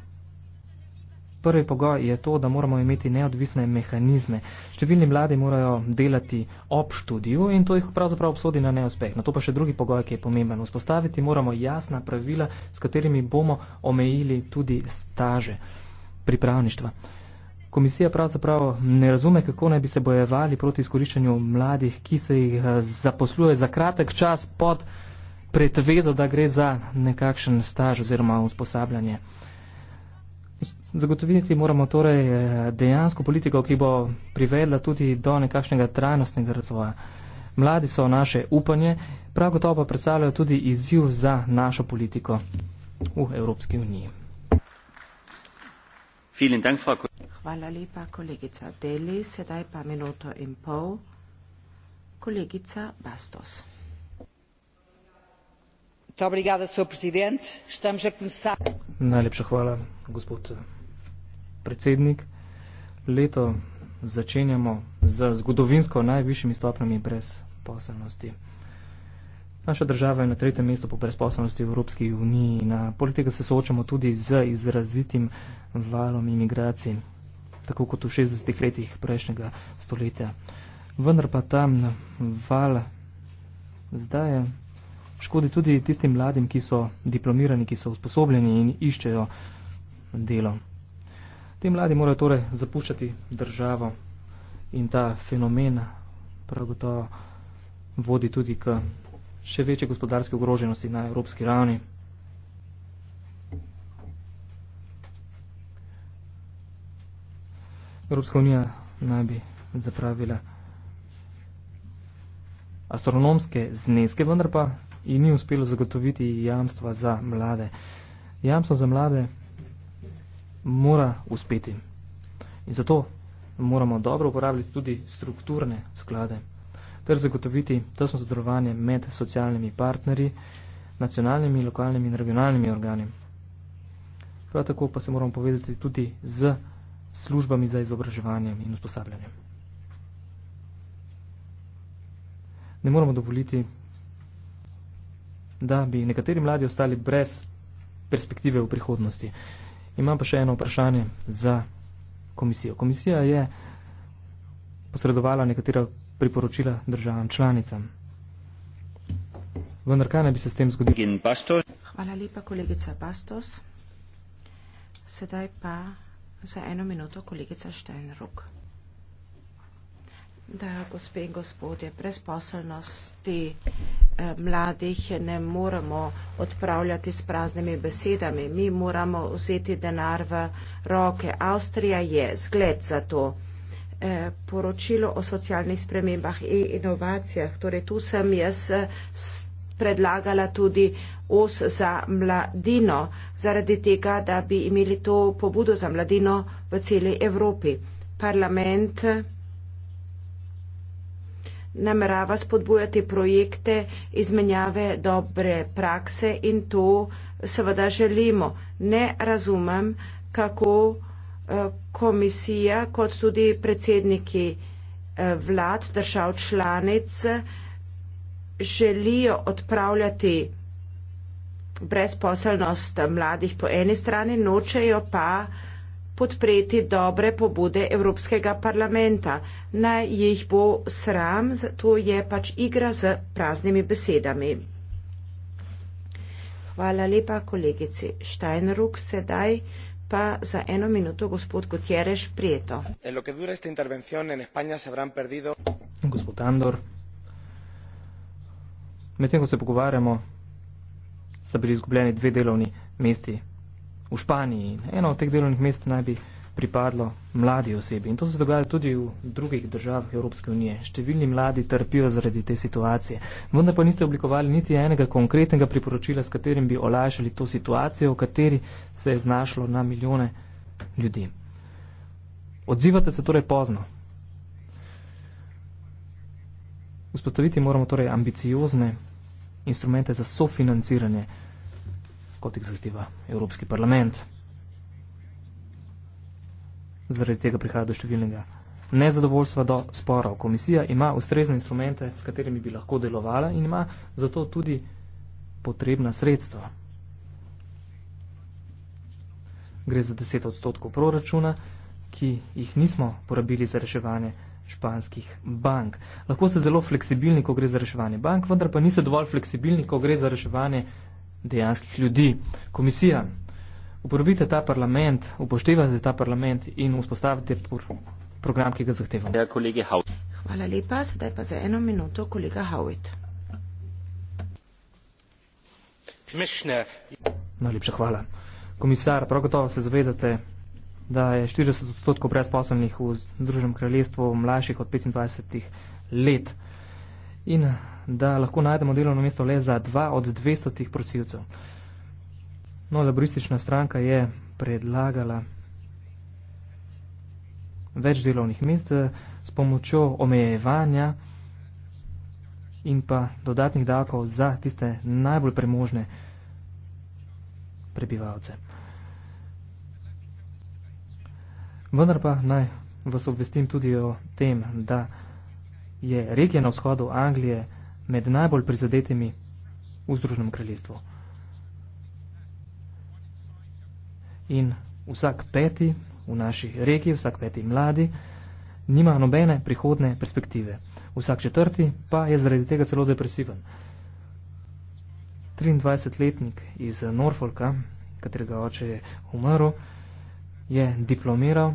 Prvi pogoj je to, da moramo imeti neodvisne mehanizme. Številni mladi morajo delati ob študiju in to jih pravzaprav obsodi na neuspeh. Na to pa še drugi pogoj, ki je pomemben. Vzpostaviti moramo jasna pravila, s katerimi bomo omejili tudi staže pripravništva. Komisija pravzaprav ne razume, kako naj bi se bojevali proti izkoriščanju mladih, ki se jih eh, zaposluje za kratek čas pod pretvezo, da gre za nekakšen staž oziroma usposabljanje. Zagotoviti moramo torej eh, dejansko politiko, ki bo privedla tudi do nekakšnega trajnostnega razvoja. Mladi so naše upanje, prav gotovo pa predstavljajo tudi izziv za našo politiko v Evropski uniji. Hvala lepa, kolegica Deli. Sedaj pa minuto in pol. Kolegica Bastos. Najlepša hvala, gospod predsednik. Leto začenjamo z zgodovinsko najvišjimi stopnjami brezposelnosti. Naša država je na tretjem mestu po brezposobnosti v Evropski uniji in poleg tega se soočamo tudi z izrazitim valom imigracij, tako kot v 60 letih prejšnjega stoletja. Vendar pa tam val zdaj škodi tudi tistim mladim, ki so diplomirani, ki so usposobljeni in iščejo delo. Ti mladi morajo torej zapuščati državo in ta fenomen prav gotovo vodi tudi k še večje gospodarske ogroženosti na evropski ravni. Evropska unija naj bi zapravila astronomske zneske, vendar pa ji ni uspelo zagotoviti jamstva za mlade. Jamstvo za mlade mora uspeti. In zato moramo dobro uporabljati tudi strukturne sklade ter zagotoviti tesno sodelovanje med socialnimi partnerji, nacionalnimi, lokalnimi in regionalnimi organi. Prav tako pa se moramo povezati tudi z službami za izobraževanje in usposabljanje. Ne moramo dovoliti, da bi nekateri mladi ostali brez perspektive v prihodnosti. Imam pa še eno vprašanje za komisijo. Komisija je posredovala nekatera priporočila državam članicam. Vendar kaj naj bi se s tem zgodilo? Hvala lepa, kolegica Bastos. Sedaj pa za eno minuto kolegica Štenrok. Da, gospe in gospodje, brezposelnosti eh, mladih ne moramo odpravljati s praznimi besedami. Mi moramo vzeti denar v roke. Avstrija je zgled za to. Eh, poročilo o socialnih spremembah in inovacijah. Torej, tu sem jaz predlagala tudi os za mladino, zaradi tega, da bi imeli to pobudo za mladino v celi Evropi. Parlament namerava spodbujati projekte izmenjave dobre prakse in to seveda želimo. Ne razumem, kako Eh, komisija kot tudi predsedniki eh, vlad držav članic želijo odpravljati brezposelnost mladih po eni strani, nočejo pa podpreti dobre pobude Evropskega parlamenta. Naj jih bo sram, to je pač igra z praznimi besedami. Hvala lepa kolegici Steinruck. Sedaj pa za eno minuto gospod Gutierrez Prieto. Perdido... Gospod Andor, medtem ko se pogovarjamo, so bili izgubljeni dve delovni mesti v Španiji. Eno od teh delovnih mest naj bi pripadlo mladi osebi. In to se dogaja tudi v drugih državah Evropske unije. Številni mladi trpijo zaradi te situacije. Vendar pa niste oblikovali niti enega konkretnega priporočila, s katerim bi olajšali to situacijo, v kateri se je znašlo na milijone ljudi. Odzivate se torej pozno. Vzpostaviti moramo torej ambiciozne instrumente za sofinanciranje, kot jih zahteva Evropski parlament zaradi tega prihaja do številnega nezadovoljstva, do sporov. Komisija ima ustrezne instrumente, s katerimi bi lahko delovala in ima zato tudi potrebna sredstva. Gre za 10 odstotkov proračuna, ki jih nismo porabili za reševanje španskih bank. Lahko ste zelo fleksibilni, ko gre za reševanje bank, vendar pa niste dovolj fleksibilni, ko gre za reševanje dejanskih ljudi. Komisija uporabite ta parlament, upoštevate ta parlament in vzpostavite program, ki ga zahtevamo. Ja, kolege Havit. Hvala lepa, sedaj pa za eno minuto kolega Havit. Najlepša hvala. Komisar, prav gotovo se zavedate, da je 40 odstotkov brezposobnih v Združenem kraljestvu mlajših od 25 let in da lahko najdemo delovno mesto le za dva od 200 prosilcev. No, laboristična stranka je predlagala več delovnih mest eh, s pomočjo omejevanja in pa dodatnih davkov za tiste najbolj premožne prebivalce. Vendar pa naj vas obvestim tudi o tem, da je regija na vzhodu Anglije med najbolj prizadetimi v Združenem kraljestvu. in vsak peti v naši regiji, vsak peti mladi, nima nobene prihodne perspektive. Vsak četrti pa je zaradi tega celo depresiven. 23-letnik iz Norfolka, katerega oče je umrl, je diplomiral,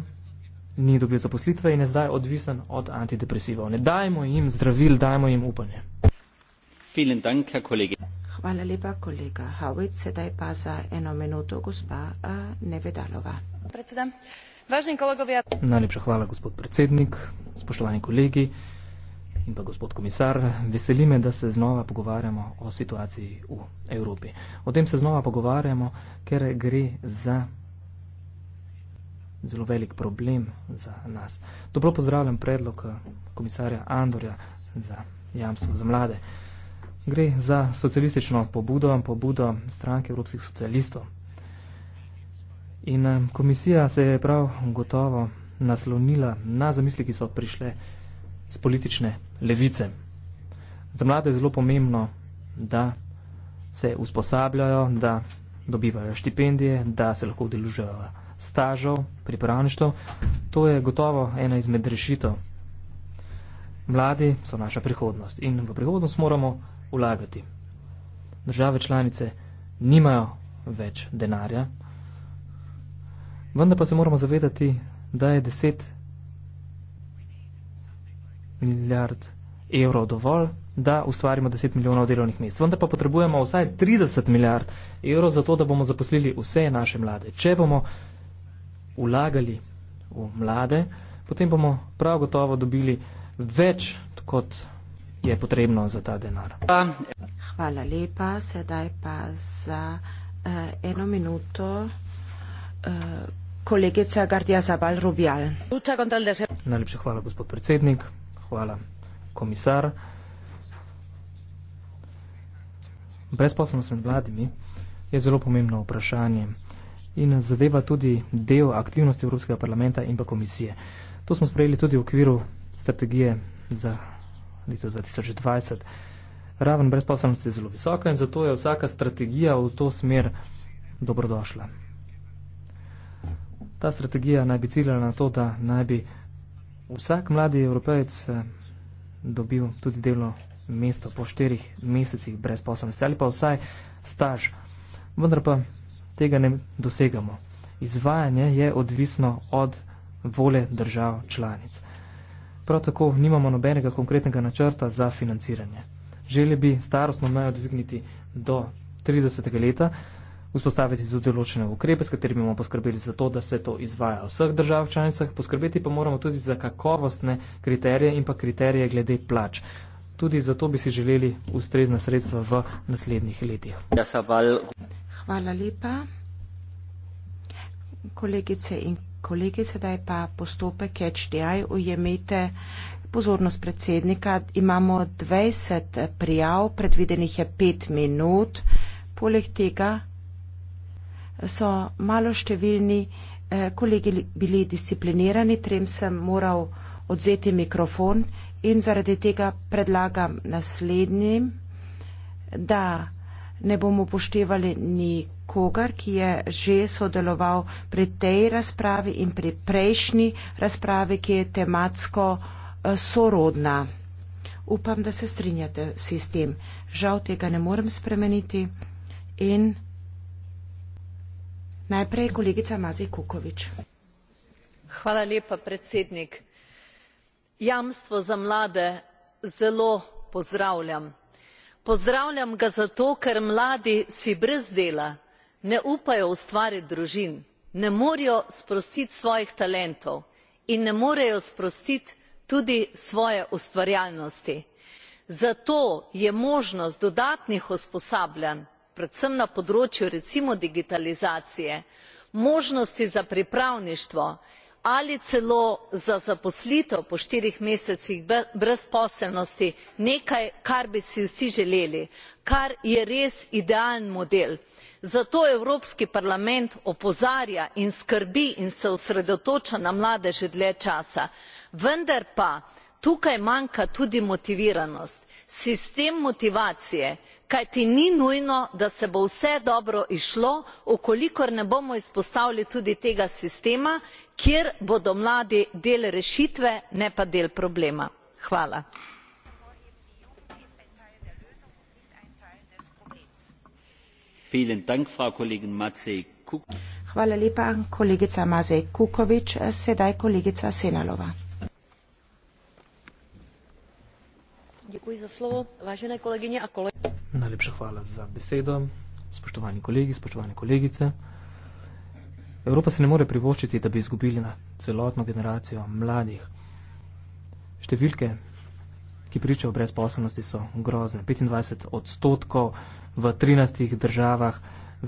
ni dobil zaposlitve in je zdaj odvisen od antidepresivov. Ne dajmo jim zdravil, dajmo jim upanje. Vielen Dank, Herr Kollege. Hvala lepa, kolega Howitt. Sedaj pa za eno minuto gospa Nevedalova. Ja. Najlepša hvala, gospod predsednik, spoštovani kolegi in pa gospod komisar. Veseli me, da se znova pogovarjamo o situaciji v Evropi. O tem se znova pogovarjamo, ker gre za zelo velik problem za nas. Dobro pozdravljam predlog eh, komisarja Andorja za jamstvo za mlade. Gre za socialistično pobudo, pobudo stranke evropskih socialistov. In eh, komisija se je prav gotovo naslonila na zamisli, ki so prišle z politične levice. Za mlade je zelo pomembno, da se usposabljajo, da dobivajo štipendije, da se lahko udeležujejo stažov, pripravništvo. To je gotovo ena izmed rešitev. Mladi so naša prihodnost in v prihodnost moramo vlagati. Države članice nimajo več denarja, vendar pa se moramo zavedati, da je 10 milijard evrov dovolj, da ustvarimo 10 milijonov delovnih mest. Vendar pa potrebujemo vsaj 30 milijard evrov za to, da bomo zaposlili vse naše mlade. Če bomo vlagali v mlade, potem bomo prav gotovo dobili več kot je potrebno za ta denar. Hvala lepa, sedaj pa za uh, eno minuto. Uh, kolegica Gardija Zabal Rubjal. Najlepša hvala, gospod predsednik. Hvala, komisar. Brezposobnost med mladimi je zelo pomembno vprašanje in zadeva tudi del aktivnosti Evropskega parlamenta in pa komisije. To smo sprejeli tudi v okviru strategije za letu 2020. Raven brezposobnosti je zelo visoka in zato je vsaka strategija v to smer dobrodošla. Ta strategija naj bi ciljala na to, da naj bi vsak mladi evropejec eh, dobil tudi delo mesto po štirih mesecih brezposobnosti ali pa vsaj staž. Vendar pa tega ne dosegamo. Izvajanje je odvisno od vole držav članic. Prav tako nimamo nobenega konkretnega načrta za financiranje. Želi bi starostno mejo dvigniti do 30. leta, vzpostaviti tudi določene ukrepe, s katerimi bomo poskrbeli za to, da se to izvaja v vseh državah članicah. Poskrbeti pa moramo tudi za kakovostne kriterije in pa kriterije glede plač. Tudi zato bi si želeli ustrezna sredstva v naslednjih letih. Hvala lepa. Kolegice in kolegi. Kolegi, sedaj pa postopek HDI. Ujemite pozornost predsednika. Imamo 20 prijav, predvidenih je 5 minut. Poleg tega so malo številni eh, kolegi bili disciplinirani, trem sem moral odzeti mikrofon in zaradi tega predlagam naslednjim, da ne bomo upoštevali nikogar, ki je že sodeloval pri tej razpravi in pri prejšnji razpravi, ki je tematsko eh, sorodna. Upam, da se strinjate vsi s tem. Žal tega ne morem spremeniti. In najprej kolegica Mazi Kukovič. Hvala lepa, predsednik. Jamstvo za mlade zelo pozdravljam. Pozdravljam ga zato, ker mladi si brez dela ne upajo ustvariti družin, ne morejo sprostiti svojih talentov in ne morejo sprostiti tudi svoje ustvarjalnosti. Zato je možnost dodatnih usposabljanj, predvsem na področju recimo digitalizacije, možnosti za pripravništvo ali celo za zaposlitev po štirih mesecih brezposelnosti nekaj kar bi si vsi želeli kar je res idealen model. zato evropski parlament opozarja in skrbi in se osredotoča na mlade že dlje časa vendar pa tukaj manjka tudi motiviranost sistem motivacije kajti ni nujno da se bo vse dobro izšlo v kolikor ne bomo izpostavili tudi tega sistema kjer bodo mladi del rešitve ne pa del problema. Hvala. Hvala lepa kolegica Mazej Kukovič, sedaj kolegica Senalova. Najlepša hvala za besedo, spoštovani kolegi, spoštovane kolegice. Evropa se ne more privoščiti, da bi izgubili na celotno generacijo mladih. Številke, ki pričajo o brezposobnosti, so grozne. 25 odstotkov v 13 državah,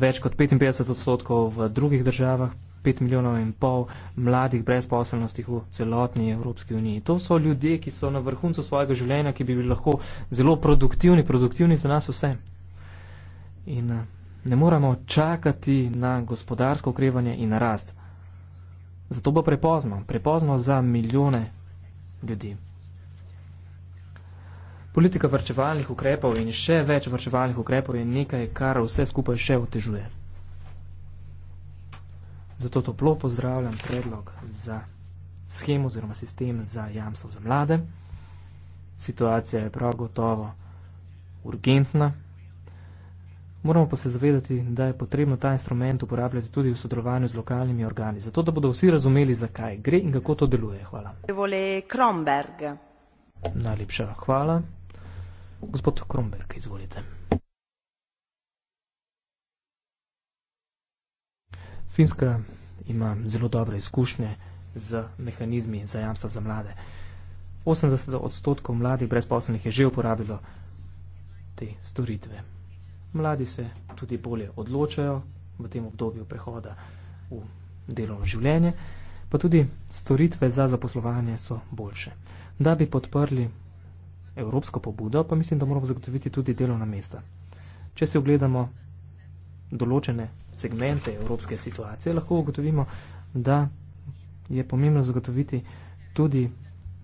več kot 55 odstotkov v drugih državah, 5 milijonov in pol mladih brezposobnosti v celotni Evropski uniji. To so ljudje, ki so na vrhuncu svojega življenja, ki bi bili lahko zelo produktivni, produktivni za nas vse. In, uh, ne moremo čakati na gospodarsko okrevanje in rast. Zato bo prepozno, prepozno za milijone ljudi. Politika vrčevalnih ukrepov in še več vrčevalnih ukrepov je nekaj, kar vse skupaj še otežuje. Zato toplo pozdravljam predlog za schemo oziroma sistem za jamstvo za mlade. Situacija je prav gotovo urgentna. Moramo pa se zavedati, da je potrebno ta instrument uporabljati tudi v sodelovanju z lokalnimi organi, zato da bodo vsi razumeli, zakaj gre in kako to deluje. Hvala. Najlepša hvala. Gospod Kromberg, izvolite. Finska ima zelo dobre izkušnje z mehanizmi za jamstva za mlade. 80 odstotkov mladih brezposlenih je že uporabilo te storitve mladi se tudi bolje odločajo v tem obdobju prehoda v delovno življenje, pa tudi storitve za zaposlovanje so boljše. Da bi podprli evropsko pobudo, pa mislim, da moramo zagotoviti tudi delovna mesta. Če se ogledamo določene segmente evropske situacije, lahko ugotovimo, da je pomembno zagotoviti tudi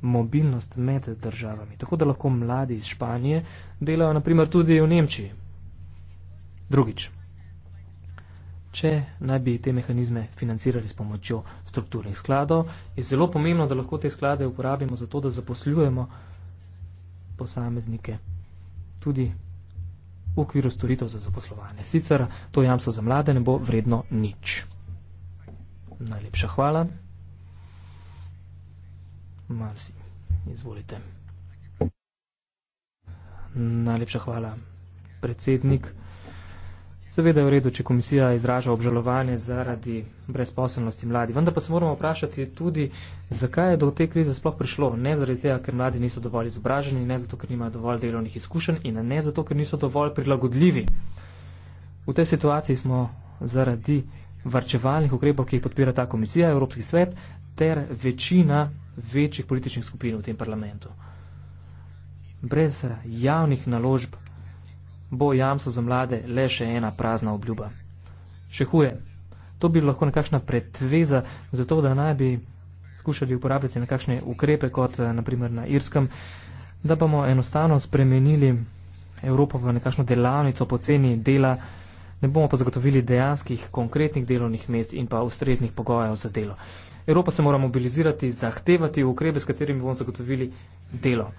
mobilnost med državami. Tako da lahko mladi iz Španije delajo naprimer tudi v Nemčiji, Drugič, če naj bi te mehanizme financirali s pomočjo strukturnih skladov, je zelo pomembno, da lahko te sklade uporabimo za to, da zaposljujemo posameznike tudi v okviru storitev za zaposlovanje. Sicer to jamstvo za mlade ne bo vredno nič. Najlepša hvala. Marsi, izvolite. Najlepša hvala, predsednik. Seveda je v redu, če komisija izraža obžalovanje zaradi brezposobnosti mladi. Vendar pa se moramo vprašati tudi, zakaj je do te krize sploh prišlo. Ne zaradi tega, ker mladi niso dovolj izobraženi, ne zato, ker nimajo dovolj delovnih izkušenj in ne zato, ker niso dovolj prilagodljivi. V tej situaciji smo zaradi varčevalnih ukrepov, ki jih podpira ta komisija, Evropski svet ter večina večjih političnih skupin v tem parlamentu. Brez javnih naložb bo jamstvo za mlade le še ena prazna obljuba. Še huje, to bi lahko nekakšna pretveza za to, da naj bi skušali uporabljati nekakšne ukrepe, kot eh, naprimer na Irskem, da bomo enostavno spremenili Evropo v nekakšno delavnico poceni dela, ne bomo pa zagotovili dejanskih konkretnih delovnih mest in pa ustreznih pogojev za delo. Evropa se mora mobilizirati, zahtevati ukrepe, s katerimi bomo zagotovili delo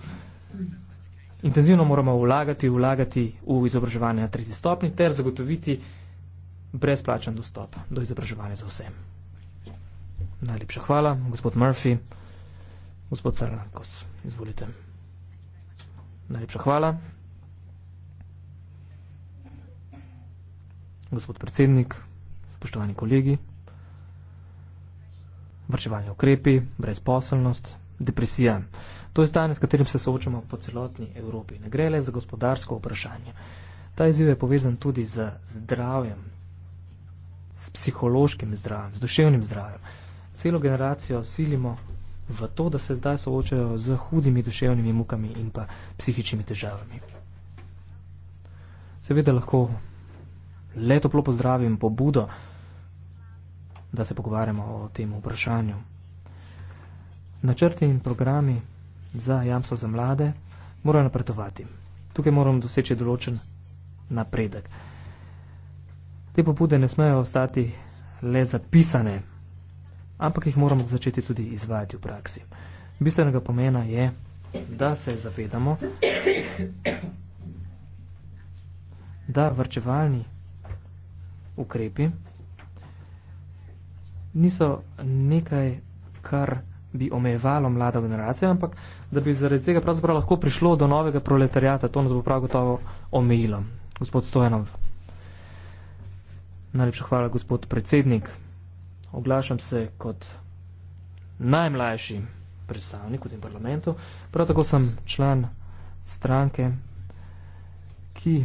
intenzivno moramo vlagati, vlagati v izobraževanje na tretji stopni ter zagotoviti brezplačen dostop do izobraževanja za vsem. Najlepša hvala, gospod Murphy, gospod Crnakos, izvolite. Najlepša hvala. Gospod predsednik, spoštovani kolegi, vrčevanje ukrepi, brezposelnost, depresija. To je stanje, s katerim se soočamo po celotni Evropi. Ne gre le za gospodarsko vprašanje. Ta izziv je povezan tudi z zdravjem, s psihološkim zdravjem, s duševnim zdravjem. Celo generacijo silimo v to, da se zdaj soočajo z hudimi duševnimi mukami in pa psihičnimi težavami. Seveda lahko le toplo pozdravim pobudo, da se pogovarjamo o tem vprašanju. Načrti in programi za jamstva za mlade, mora napredovati. Tukaj moramo doseči določen napredek. Te pobude ne smejo ostati le zapisane, ampak jih moramo začeti tudi izvajati v praksi. Bistvenega pomena je, da se zavedamo, da vrčevalni ukrepi niso nekaj, kar bi omejevalo mlado generacijo, ampak da bi zaradi tega pravzaprav lahko prišlo do novega proletarijata. To nas bo prav gotovo omejilo. Gospod Stojanov, najlepša hvala, gospod predsednik. Oglašam se kot najmlajši predstavnik v tem parlamentu. Prav tako sem član stranke, ki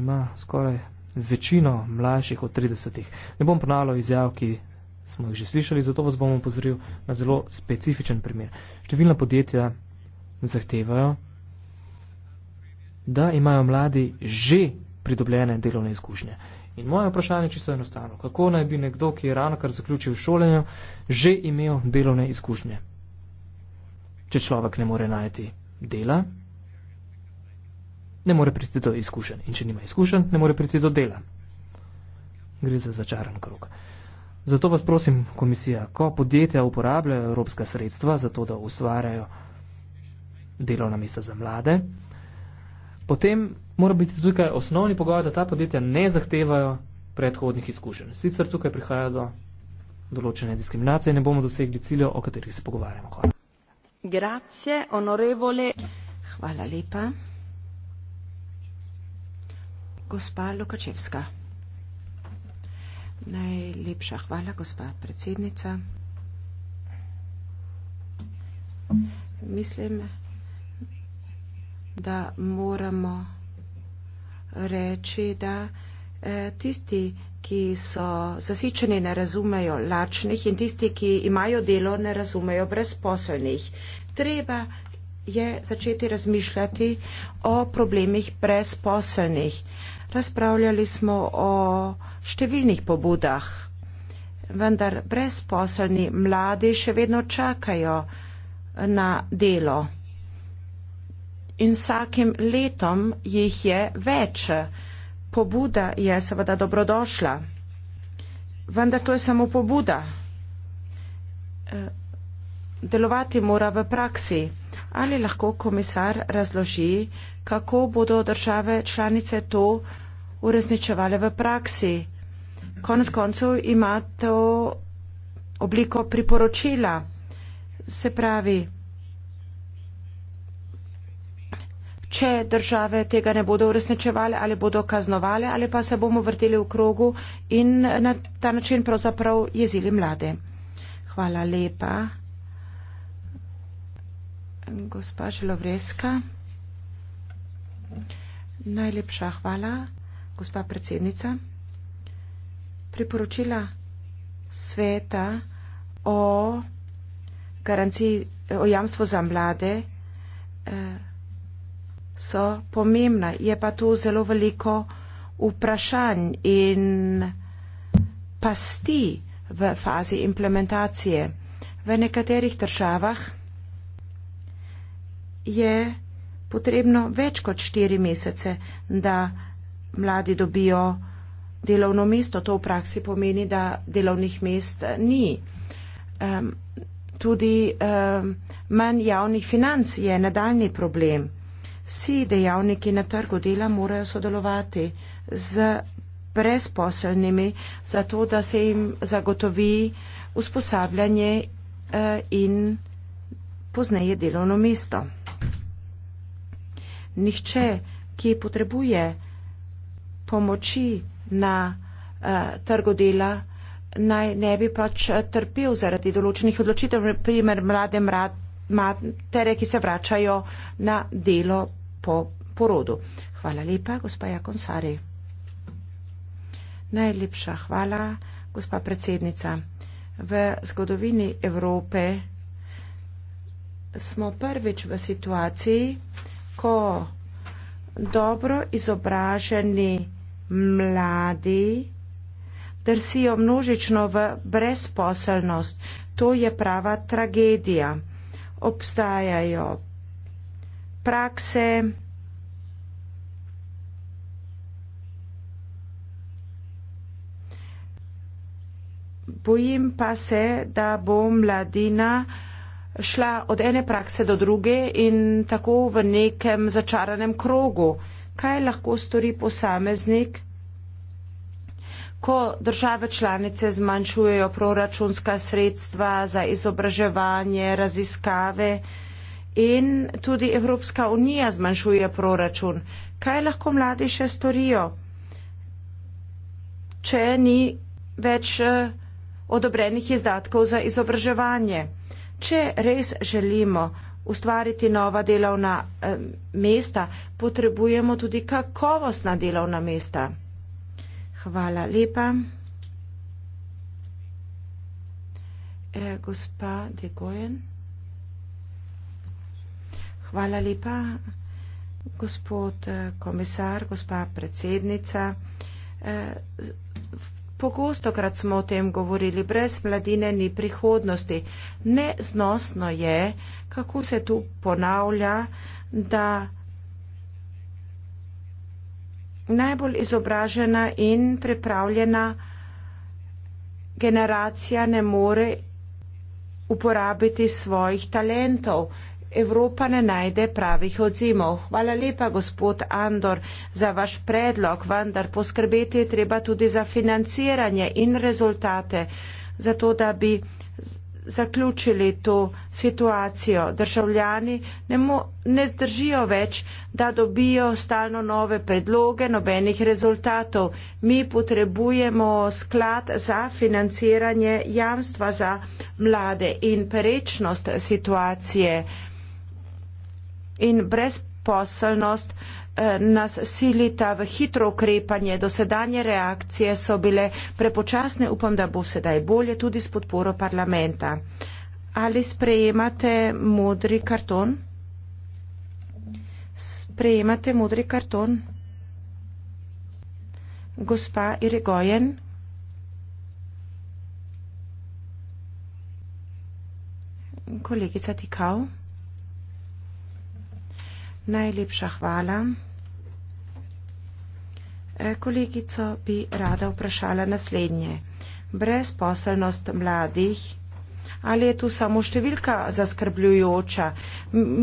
ima skoraj večino mlajših od 30. Ne bom ponavljal izjav, ki smo jih že slišali, zato vas bom upozoril na zelo specifičen primer. Številna podjetja zahtevajo, da imajo mladi že pridobljene delovne izkušnje. In moje vprašanje je čisto enostavno. Kako naj bi nekdo, ki je ravno kar zaključil šolenje, že imel delovne izkušnje? Če človek ne more najti dela, ne more priti do izkušenj. In če nima izkušenj, ne more priti do dela. Gre za začaran krug. Zato vas prosim, komisija, ko podjetja uporabljajo evropska sredstva za to, da ustvarjajo delovna mesta za mlade, potem mora biti tukaj osnovni pogoj, da ta podjetja ne zahtevajo predhodnih izkušenj. Sicer tukaj prihaja do določene diskriminacije in ne bomo dosegli ciljev, o katerih se pogovarjamo. Hvala. Grazie, onorevole. Hvala lepa. Gospa Lukačevska. Najlepša hvala, gospa predsednica. Mislim, da moramo reči, da e, tisti, ki so zasičeni, ne razumejo lačnih in tisti, ki imajo delo, ne razumejo brezposelnih. Treba je začeti razmišljati o problemih brezposelnih razpravljali smo o številnih pobudah, vendar brezposelni mladi še vedno čakajo na delo. In vsakim letom jih je več. Pobuda je seveda dobrodošla, vendar to je samo pobuda. E, delovati mora v praksi. Ali lahko komisar razloži, kako bodo države članice to uresničevale v praksi. Konec koncev ima to obliko priporočila. Se pravi, če države tega ne bodo uresničevale ali bodo kaznovale ali pa se bomo vrteli v krogu in na ta način pravzaprav jezili mlade. Hvala lepa. Gospa Želovreska, najlepša hvala gospa predsednica, priporočila sveta o garanciji, o jamstvu za mlade eh, so pomembna. Je pa tu zelo veliko vprašanj in pasti v fazi implementacije. V nekaterih državah je potrebno več kot štiri mesece, da mladi dobijo delovno mesto. To v praksi pomeni, da delovnih mest ni. Um, tudi um, manj javnih financ je nadaljni problem. Vsi dejavniki na trgu dela morajo sodelovati z brezposelnimi, zato da se jim zagotovi usposabljanje uh, in pozneje delovno mesto. Nihče, ki potrebuje pomoči na uh, trgu dela, naj ne bi pač eh, trpel zaradi določenih odločitev, primer mlade mrad, matere, ki se vračajo na delo po porodu. Hvala lepa, gospa Jakonsari. Najlepša hvala, gospa predsednica. V zgodovini Evrope smo prvič v situaciji, ko dobro izobraženi mladi drsijo množično v brezposelnost. To je prava tragedija. Obstajajo prakse, Bojim pa se, da bo mladina šla od ene prakse do druge in tako v nekem začaranem krogu kaj lahko stori posameznik, ko države članice zmanjšujejo proračunska sredstva za izobraževanje, raziskave in tudi Evropska unija zmanjšuje proračun. Kaj lahko mladi še storijo, če ni več eh, odobrenih izdatkov za izobraževanje? Če res želimo, ustvariti nova delovna eh, mesta, potrebujemo tudi kakovostna delovna mesta. Hvala lepa. E, gospa Degojen. Hvala lepa, gospod eh, komisar, gospa predsednica. E, pogosto krat smo o tem govorili, brez mladine ni prihodnosti. Neznosno je, kako se tu ponavlja, da najbolj izobražena in pripravljena generacija ne more uporabiti svojih talentov. Evropa ne najde pravih odzimov. Hvala lepa, gospod Andor, za vaš predlog, vendar poskrbeti je treba tudi za financiranje in rezultate, zato da bi zaključili to situacijo. Državljani ne, mo, ne zdržijo več, da dobijo stalno nove predloge, nobenih rezultatov. Mi potrebujemo sklad za financiranje jamstva za mlade in perečnost situacije in brezposelnost. Uh, nas silita v hitro ukrepanje. Dosedanje reakcije so bile prepočasne, upam, da bo sedaj bolje tudi s podporo parlamenta. Ali sprejemate modri karton? Sprejemate modri karton? Gospa Irigojen? Kolegica Tikal? Najlepša hvala. Eh, kolegico bi rada vprašala naslednje. Brezposelnost mladih, ali je tu samo številka zaskrbljujoča?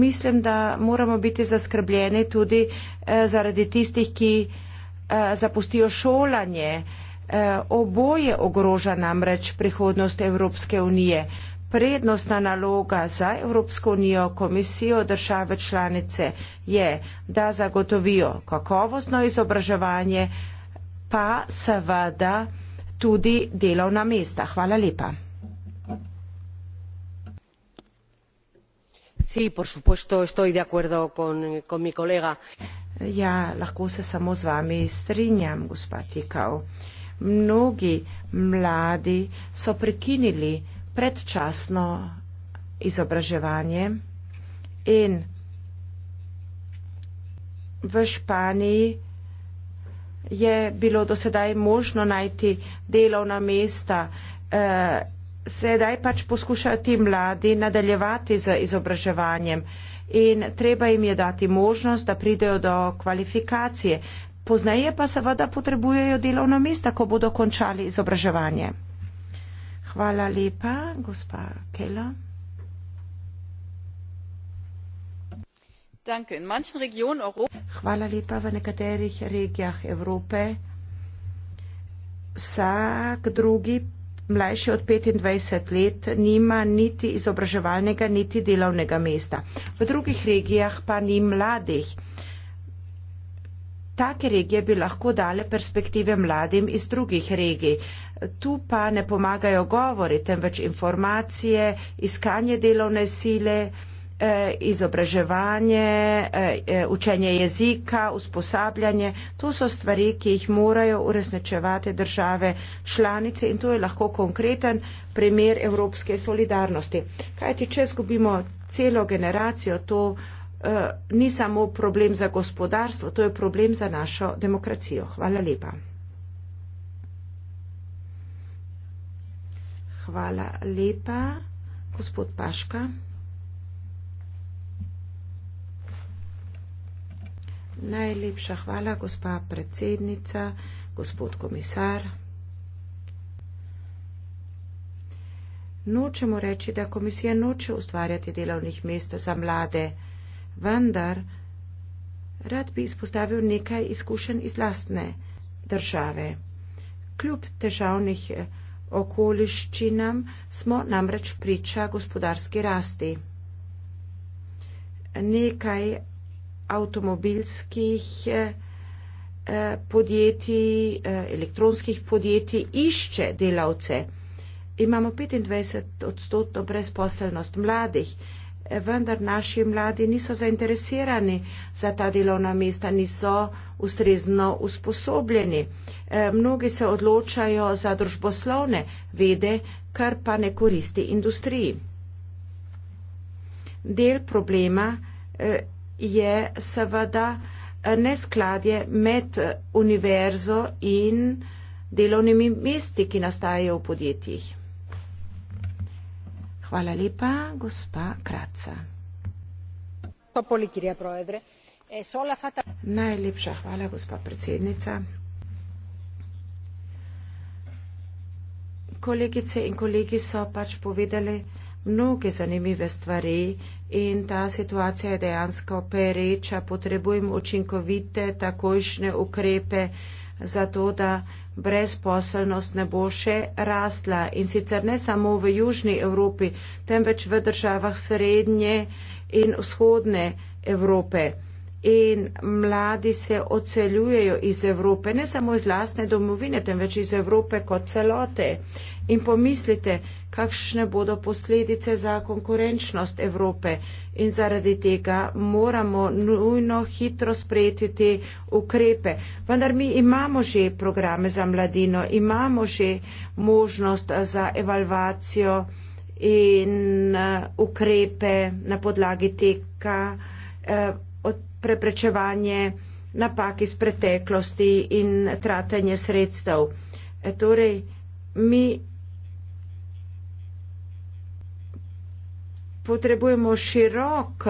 Mislim, da moramo biti zaskrbljeni tudi eh, zaradi tistih, ki eh, zapustijo šolanje. Oboje ogroža namreč prihodnost Evropske unije prednostna naloga za Evropsko unijo, komisijo, države članice je, da zagotovijo kakovostno izobraževanje, pa seveda tudi delovna mesta. Hvala lepa. Sí, por supuesto, estoy de acuerdo con, con mi colega. Ja, lahko se samo z vami strinjam, gospod Tikal. Mnogi mladi so prekinili predčasno izobraževanje in v Španiji je bilo do sedaj možno najti delovna mesta. Eh, sedaj pač poskušajo ti mladi nadaljevati z izobraževanjem in treba jim je dati možnost, da pridejo do kvalifikacije. Poznaje pa seveda potrebujejo delovna mesta, ko bodo končali izobraževanje. Hvala lepa, gospa Keller. Hvala lepa. V nekaterih regijah Evrope vsak drugi mlajši od 25 let nima niti izobraževalnega, niti delovnega mesta. V drugih regijah pa ni mladih. Take regije bi lahko dale perspektive mladim iz drugih regij. Tu pa ne pomagajo govori, temveč informacije, iskanje delovne sile, eh, izobraževanje, eh, eh, učenje jezika, usposabljanje. To so stvari, ki jih morajo uresničevati države članice in to je lahko konkreten primer evropske solidarnosti. Kaj ti, če zgubimo celo generacijo, to ni samo problem za gospodarstvo, to je problem za našo demokracijo. Hvala lepa. Hvala lepa, gospod Paška. Najlepša hvala, gospa predsednica, gospod komisar. Nočemo reči, da komisija noče ustvarjati delovnih mest za mlade, vendar rad bi izpostavil nekaj izkušenj iz lastne države. Kljub težavnih eh, okoliščinam smo namreč priča gospodarski rasti. Nekaj avtomobilskih eh, podjetij, eh, elektronskih podjetij išče delavce. Imamo 25 odstotno brezposelnost mladih, eh, vendar naši mladi niso zainteresirani za ta delovna mesta, niso zainteresirani ustrezno usposobljeni. E, mnogi se odločajo za družboslovne vede, kar pa ne koristi industriji. Del problema e, je seveda e, neskladje med univerzo in delovnimi mesti, ki nastajajo v podjetjih. Hvala lepa, gospa Kraca. Popoli, kjer je projevre. Najlepša hvala, gospa predsednica. Kolegice in kolegi so pač povedali mnoge zanimive stvari in ta situacija je dejansko pereča. Potrebujemo učinkovite, takojšne ukrepe za to, da brezposelnost ne bo še rasla in sicer ne samo v Južni Evropi, temveč v državah srednje in vzhodne Evrope in mladi se odseljujejo iz Evrope, ne samo iz lastne domovine, temveč iz Evrope kot celote. In pomislite, kakšne bodo posledice za konkurenčnost Evrope in zaradi tega moramo nujno hitro sprejeti te ukrepe. Vendar mi imamo že programe za mladino, imamo že možnost za evalvacijo in uh, ukrepe na podlagi tega. Uh, preprečevanje napak iz preteklosti in tratanje sredstev. E, torej, mi potrebujemo širok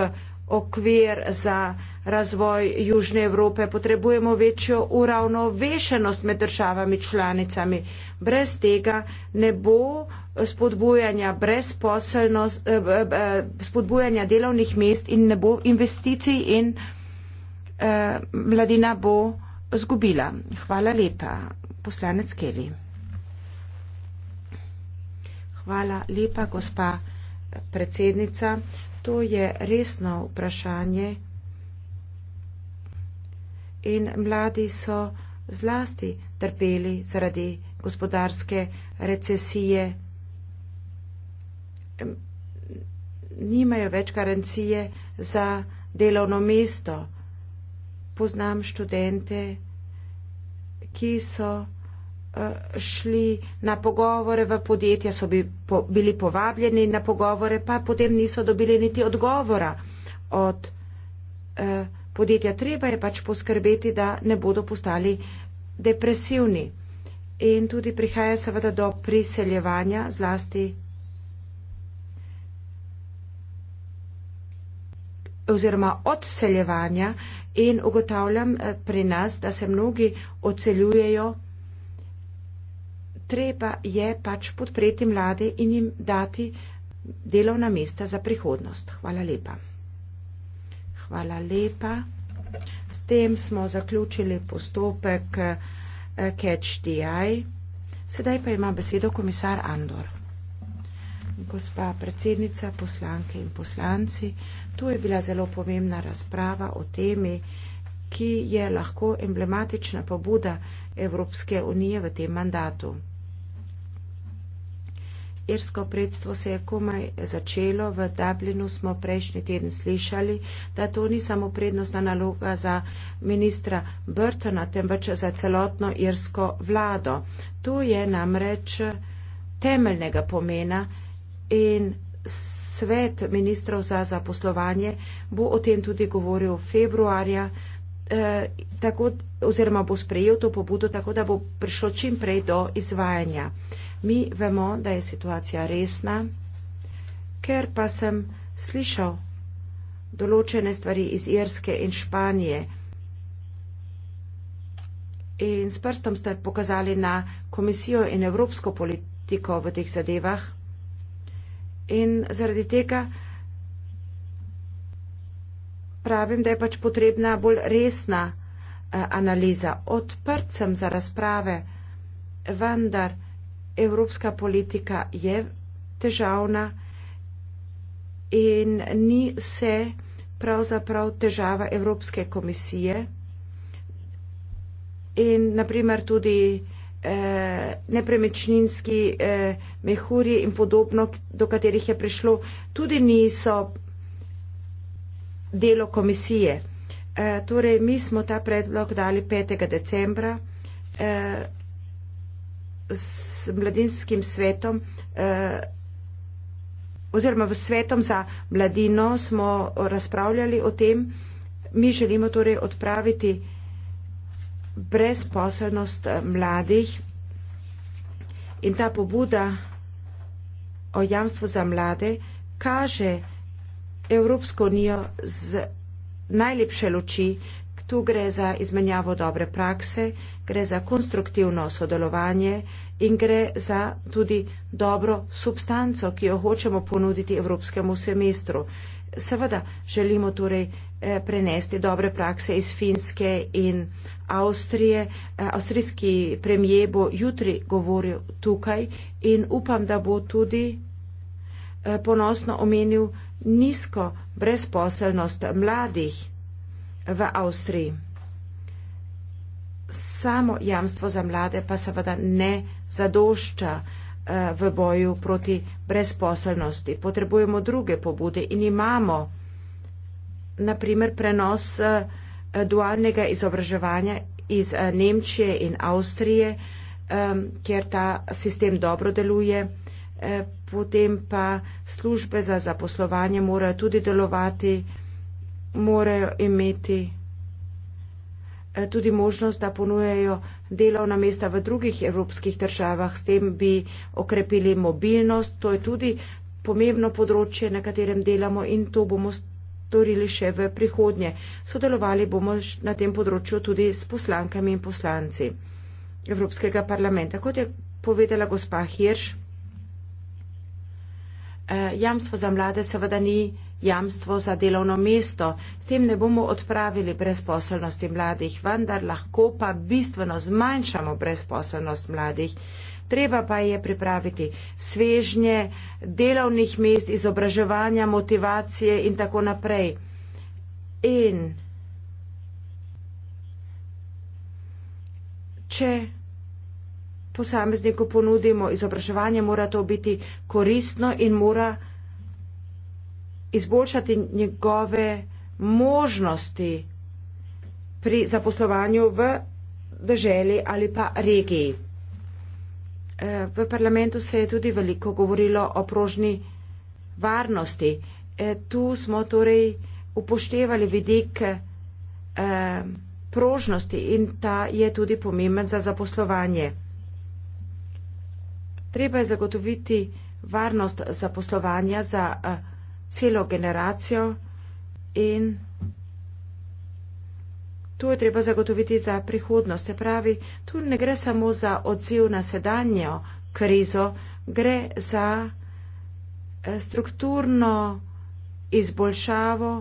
okvir za razvoj Južne Evrope, potrebujemo večjo uravnovešenost med državami članicami. Brez tega ne bo spodbujanja, eh, eh, eh, spodbujanja delovnih mest in ne bo investicij in Eh, mladina bo zgubila. Hvala lepa, poslanec Keli. Hvala lepa, gospa predsednica. To je resno vprašanje. In mladi so zlasti trpeli zaradi gospodarske recesije. Nimajo več garancije za delovno mesto poznam študente, ki so eh, šli na pogovore v podjetja, so bili povabljeni na pogovore, pa potem niso dobili niti odgovora od eh, podjetja. Treba je pač poskrbeti, da ne bodo postali depresivni. In tudi prihaja seveda do priseljevanja, zlasti oziroma odseljevanja in ugotavljam eh, pri nas, da se mnogi odseljujejo. Treba je pač podpreti mlade in jim dati delovna mesta za prihodnost. Hvala lepa. Hvala lepa. S tem smo zaključili postopek eh, CatchDI. Sedaj pa ima besedo komisar Andor. Gospa predsednica, poslanke in poslanci, Tu je bila zelo pomembna razprava o temi, ki je lahko emblematična pobuda Evropske unije v tem mandatu. Irsko predstvo se je komaj začelo, v Dublinu smo prejšnji teden slišali, da to ni samo prednostna naloga za ministra Burtona, temveč za celotno irsko vlado. To je namreč temeljnega pomena in svet ministrov za zaposlovanje bo o tem tudi govoril februarja, eh, tako, oziroma bo sprejel to pobudo, tako da bo prišlo čim prej do izvajanja. Mi vemo, da je situacija resna, ker pa sem slišal določene stvari iz Irske in Španije. In s prstom ste pokazali na komisijo in evropsko politiko v teh zadevah. In zaradi tega pravim, da je pač potrebna bolj resna eh, analiza. Odprt sem za razprave, vendar evropska politika je težavna in ni vse pravzaprav težava Evropske komisije in naprimer tudi eh, nepremičninski eh, mehurji in podobno, do katerih je prišlo, tudi niso delo komisije. Eh, torej, mi smo ta predlog dali 5. decembra eh, s mladinskim svetom. Eh, oziroma v svetom za mladino smo razpravljali o tem, mi želimo torej odpraviti eh, brezposelnost eh, mladih in ta pobuda o jamstvu za mlade kaže Evropsko unijo z najlepše luči. Tu gre za izmenjavo dobre prakse, gre za konstruktivno sodelovanje in gre za tudi dobro substanco, ki jo hočemo ponuditi Evropskemu semestru. Seveda želimo torej Eh, prenesti dobre prakse iz Finske in Avstrije. Eh, avstrijski premijer bo jutri govoril tukaj in upam, da bo tudi eh, ponosno omenil nizko brezposelnost mladih v Avstriji. Samo jamstvo za mlade pa seveda ne zadošča v boju proti brezposelnosti. Potrebujemo druge pobude in imamo naprimer prenos eh, dualnega izobraževanja iz eh, Nemčije in Avstrije, kjer ta sistem dobro deluje, eh, potem pa službe za zaposlovanje morajo tudi delovati, morajo imeti tudi možnost, da ponujejo delovna mesta v drugih evropskih državah, s tem bi okrepili mobilnost, to je tudi pomembno področje, na katerem delamo in to bomo storili še v prihodnje. Sodelovali bomo na tem področju tudi s poslankami in poslanci Evropskega parlamenta. Kot je povedala gospa Hirš, eh, jamstvo za mlade seveda ni jamstvo za delovno mesto. S tem ne bomo odpravili brezposelnosti mladih, vendar lahko pa bistveno zmanjšamo brezposelnost mladih treba pa je pripraviti svežnje delovnih mest, izobraževanja, motivacije in tako naprej. In če posamezniku ponudimo izobraževanje, mora to biti koristno in mora izboljšati njegove možnosti pri zaposlovanju v državi ali pa regiji. Eh, v parlamentu se je tudi veliko govorilo o prožni varnosti. Eh, tu smo torej upoštevali vidik eh, prožnosti in ta je tudi pomemben za zaposlovanje. Treba je zagotoviti varnost zaposlovanja za celo generacijo in To je treba zagotoviti za prihodnost. Se pravi, tu ne gre samo za odziv na sedanjo krizo, gre za eh, strukturno izboljšavo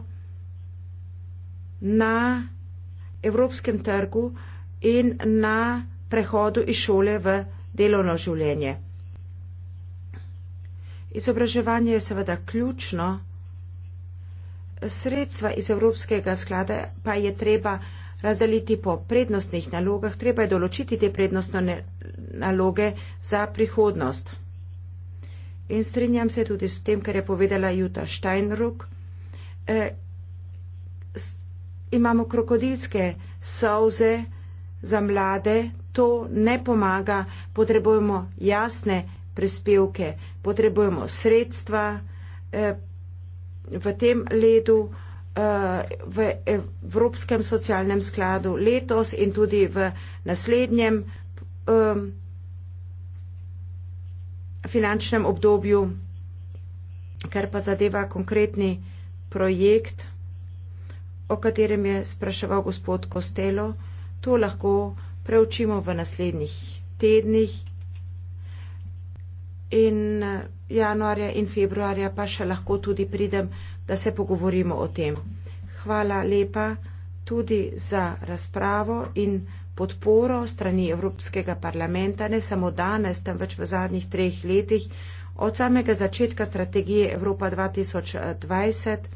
na evropskem trgu in na prehodu iz šole v delovno življenje. Izobraževanje je seveda ključno, sredstva iz Evropskega sklada pa je treba razdeliti po prednostnih nalogah, treba je določiti te prednostne naloge za prihodnost. In strinjam se tudi s tem, kar je povedala Juta Steinruck. E, imamo krokodilske solze za mlade, to ne pomaga, potrebujemo jasne prispevke, potrebujemo sredstva e, v tem ledu. Eh, v Evropskem socialnem skladu letos in tudi v naslednjem um, finančnem obdobju, ker pa zadeva konkretni projekt, o katerem je spraševal gospod Kostelo, to lahko preučimo v naslednjih tednih in eh, januarja in februarja pa še lahko tudi pridem da se pogovorimo o tem. Hvala lepa tudi za razpravo in podporo strani Evropskega parlamenta, ne samo danes, temveč v zadnjih treh letih, od samega začetka strategije Evropa 2020.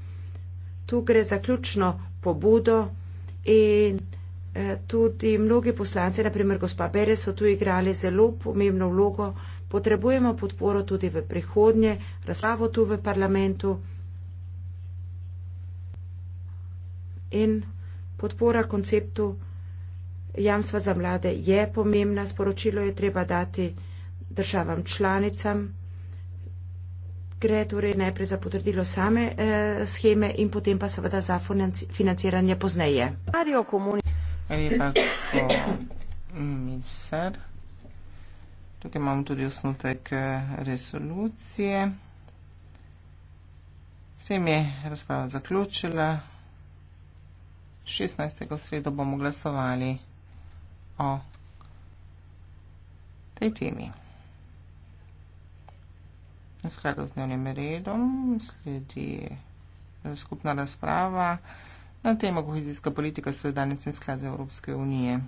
Tu gre za ključno pobudo in eh, tudi mnogi poslanci, naprimer gospa Bere, so tu igrali zelo pomembno vlogo. Potrebujemo podporo tudi v prihodnje, razpravo tu v parlamentu. in podpora konceptu jamstva za mlade je pomembna. Sporočilo je treba dati državam članicam. Gre torej najprej za potrdilo same eh, scheme in potem pa seveda za financi financiranje pozneje. Mario Komuni. Lepa, ko miser. Tukaj imamo tudi osnutek eh, resolucije. Sem je razprava zaključila. 16. sredo bomo glasovali o tej temi. Na skladu z dnevnim redom sledi skupna razprava na temo kohezijska politika sredanjstva in sklada Evropske unije.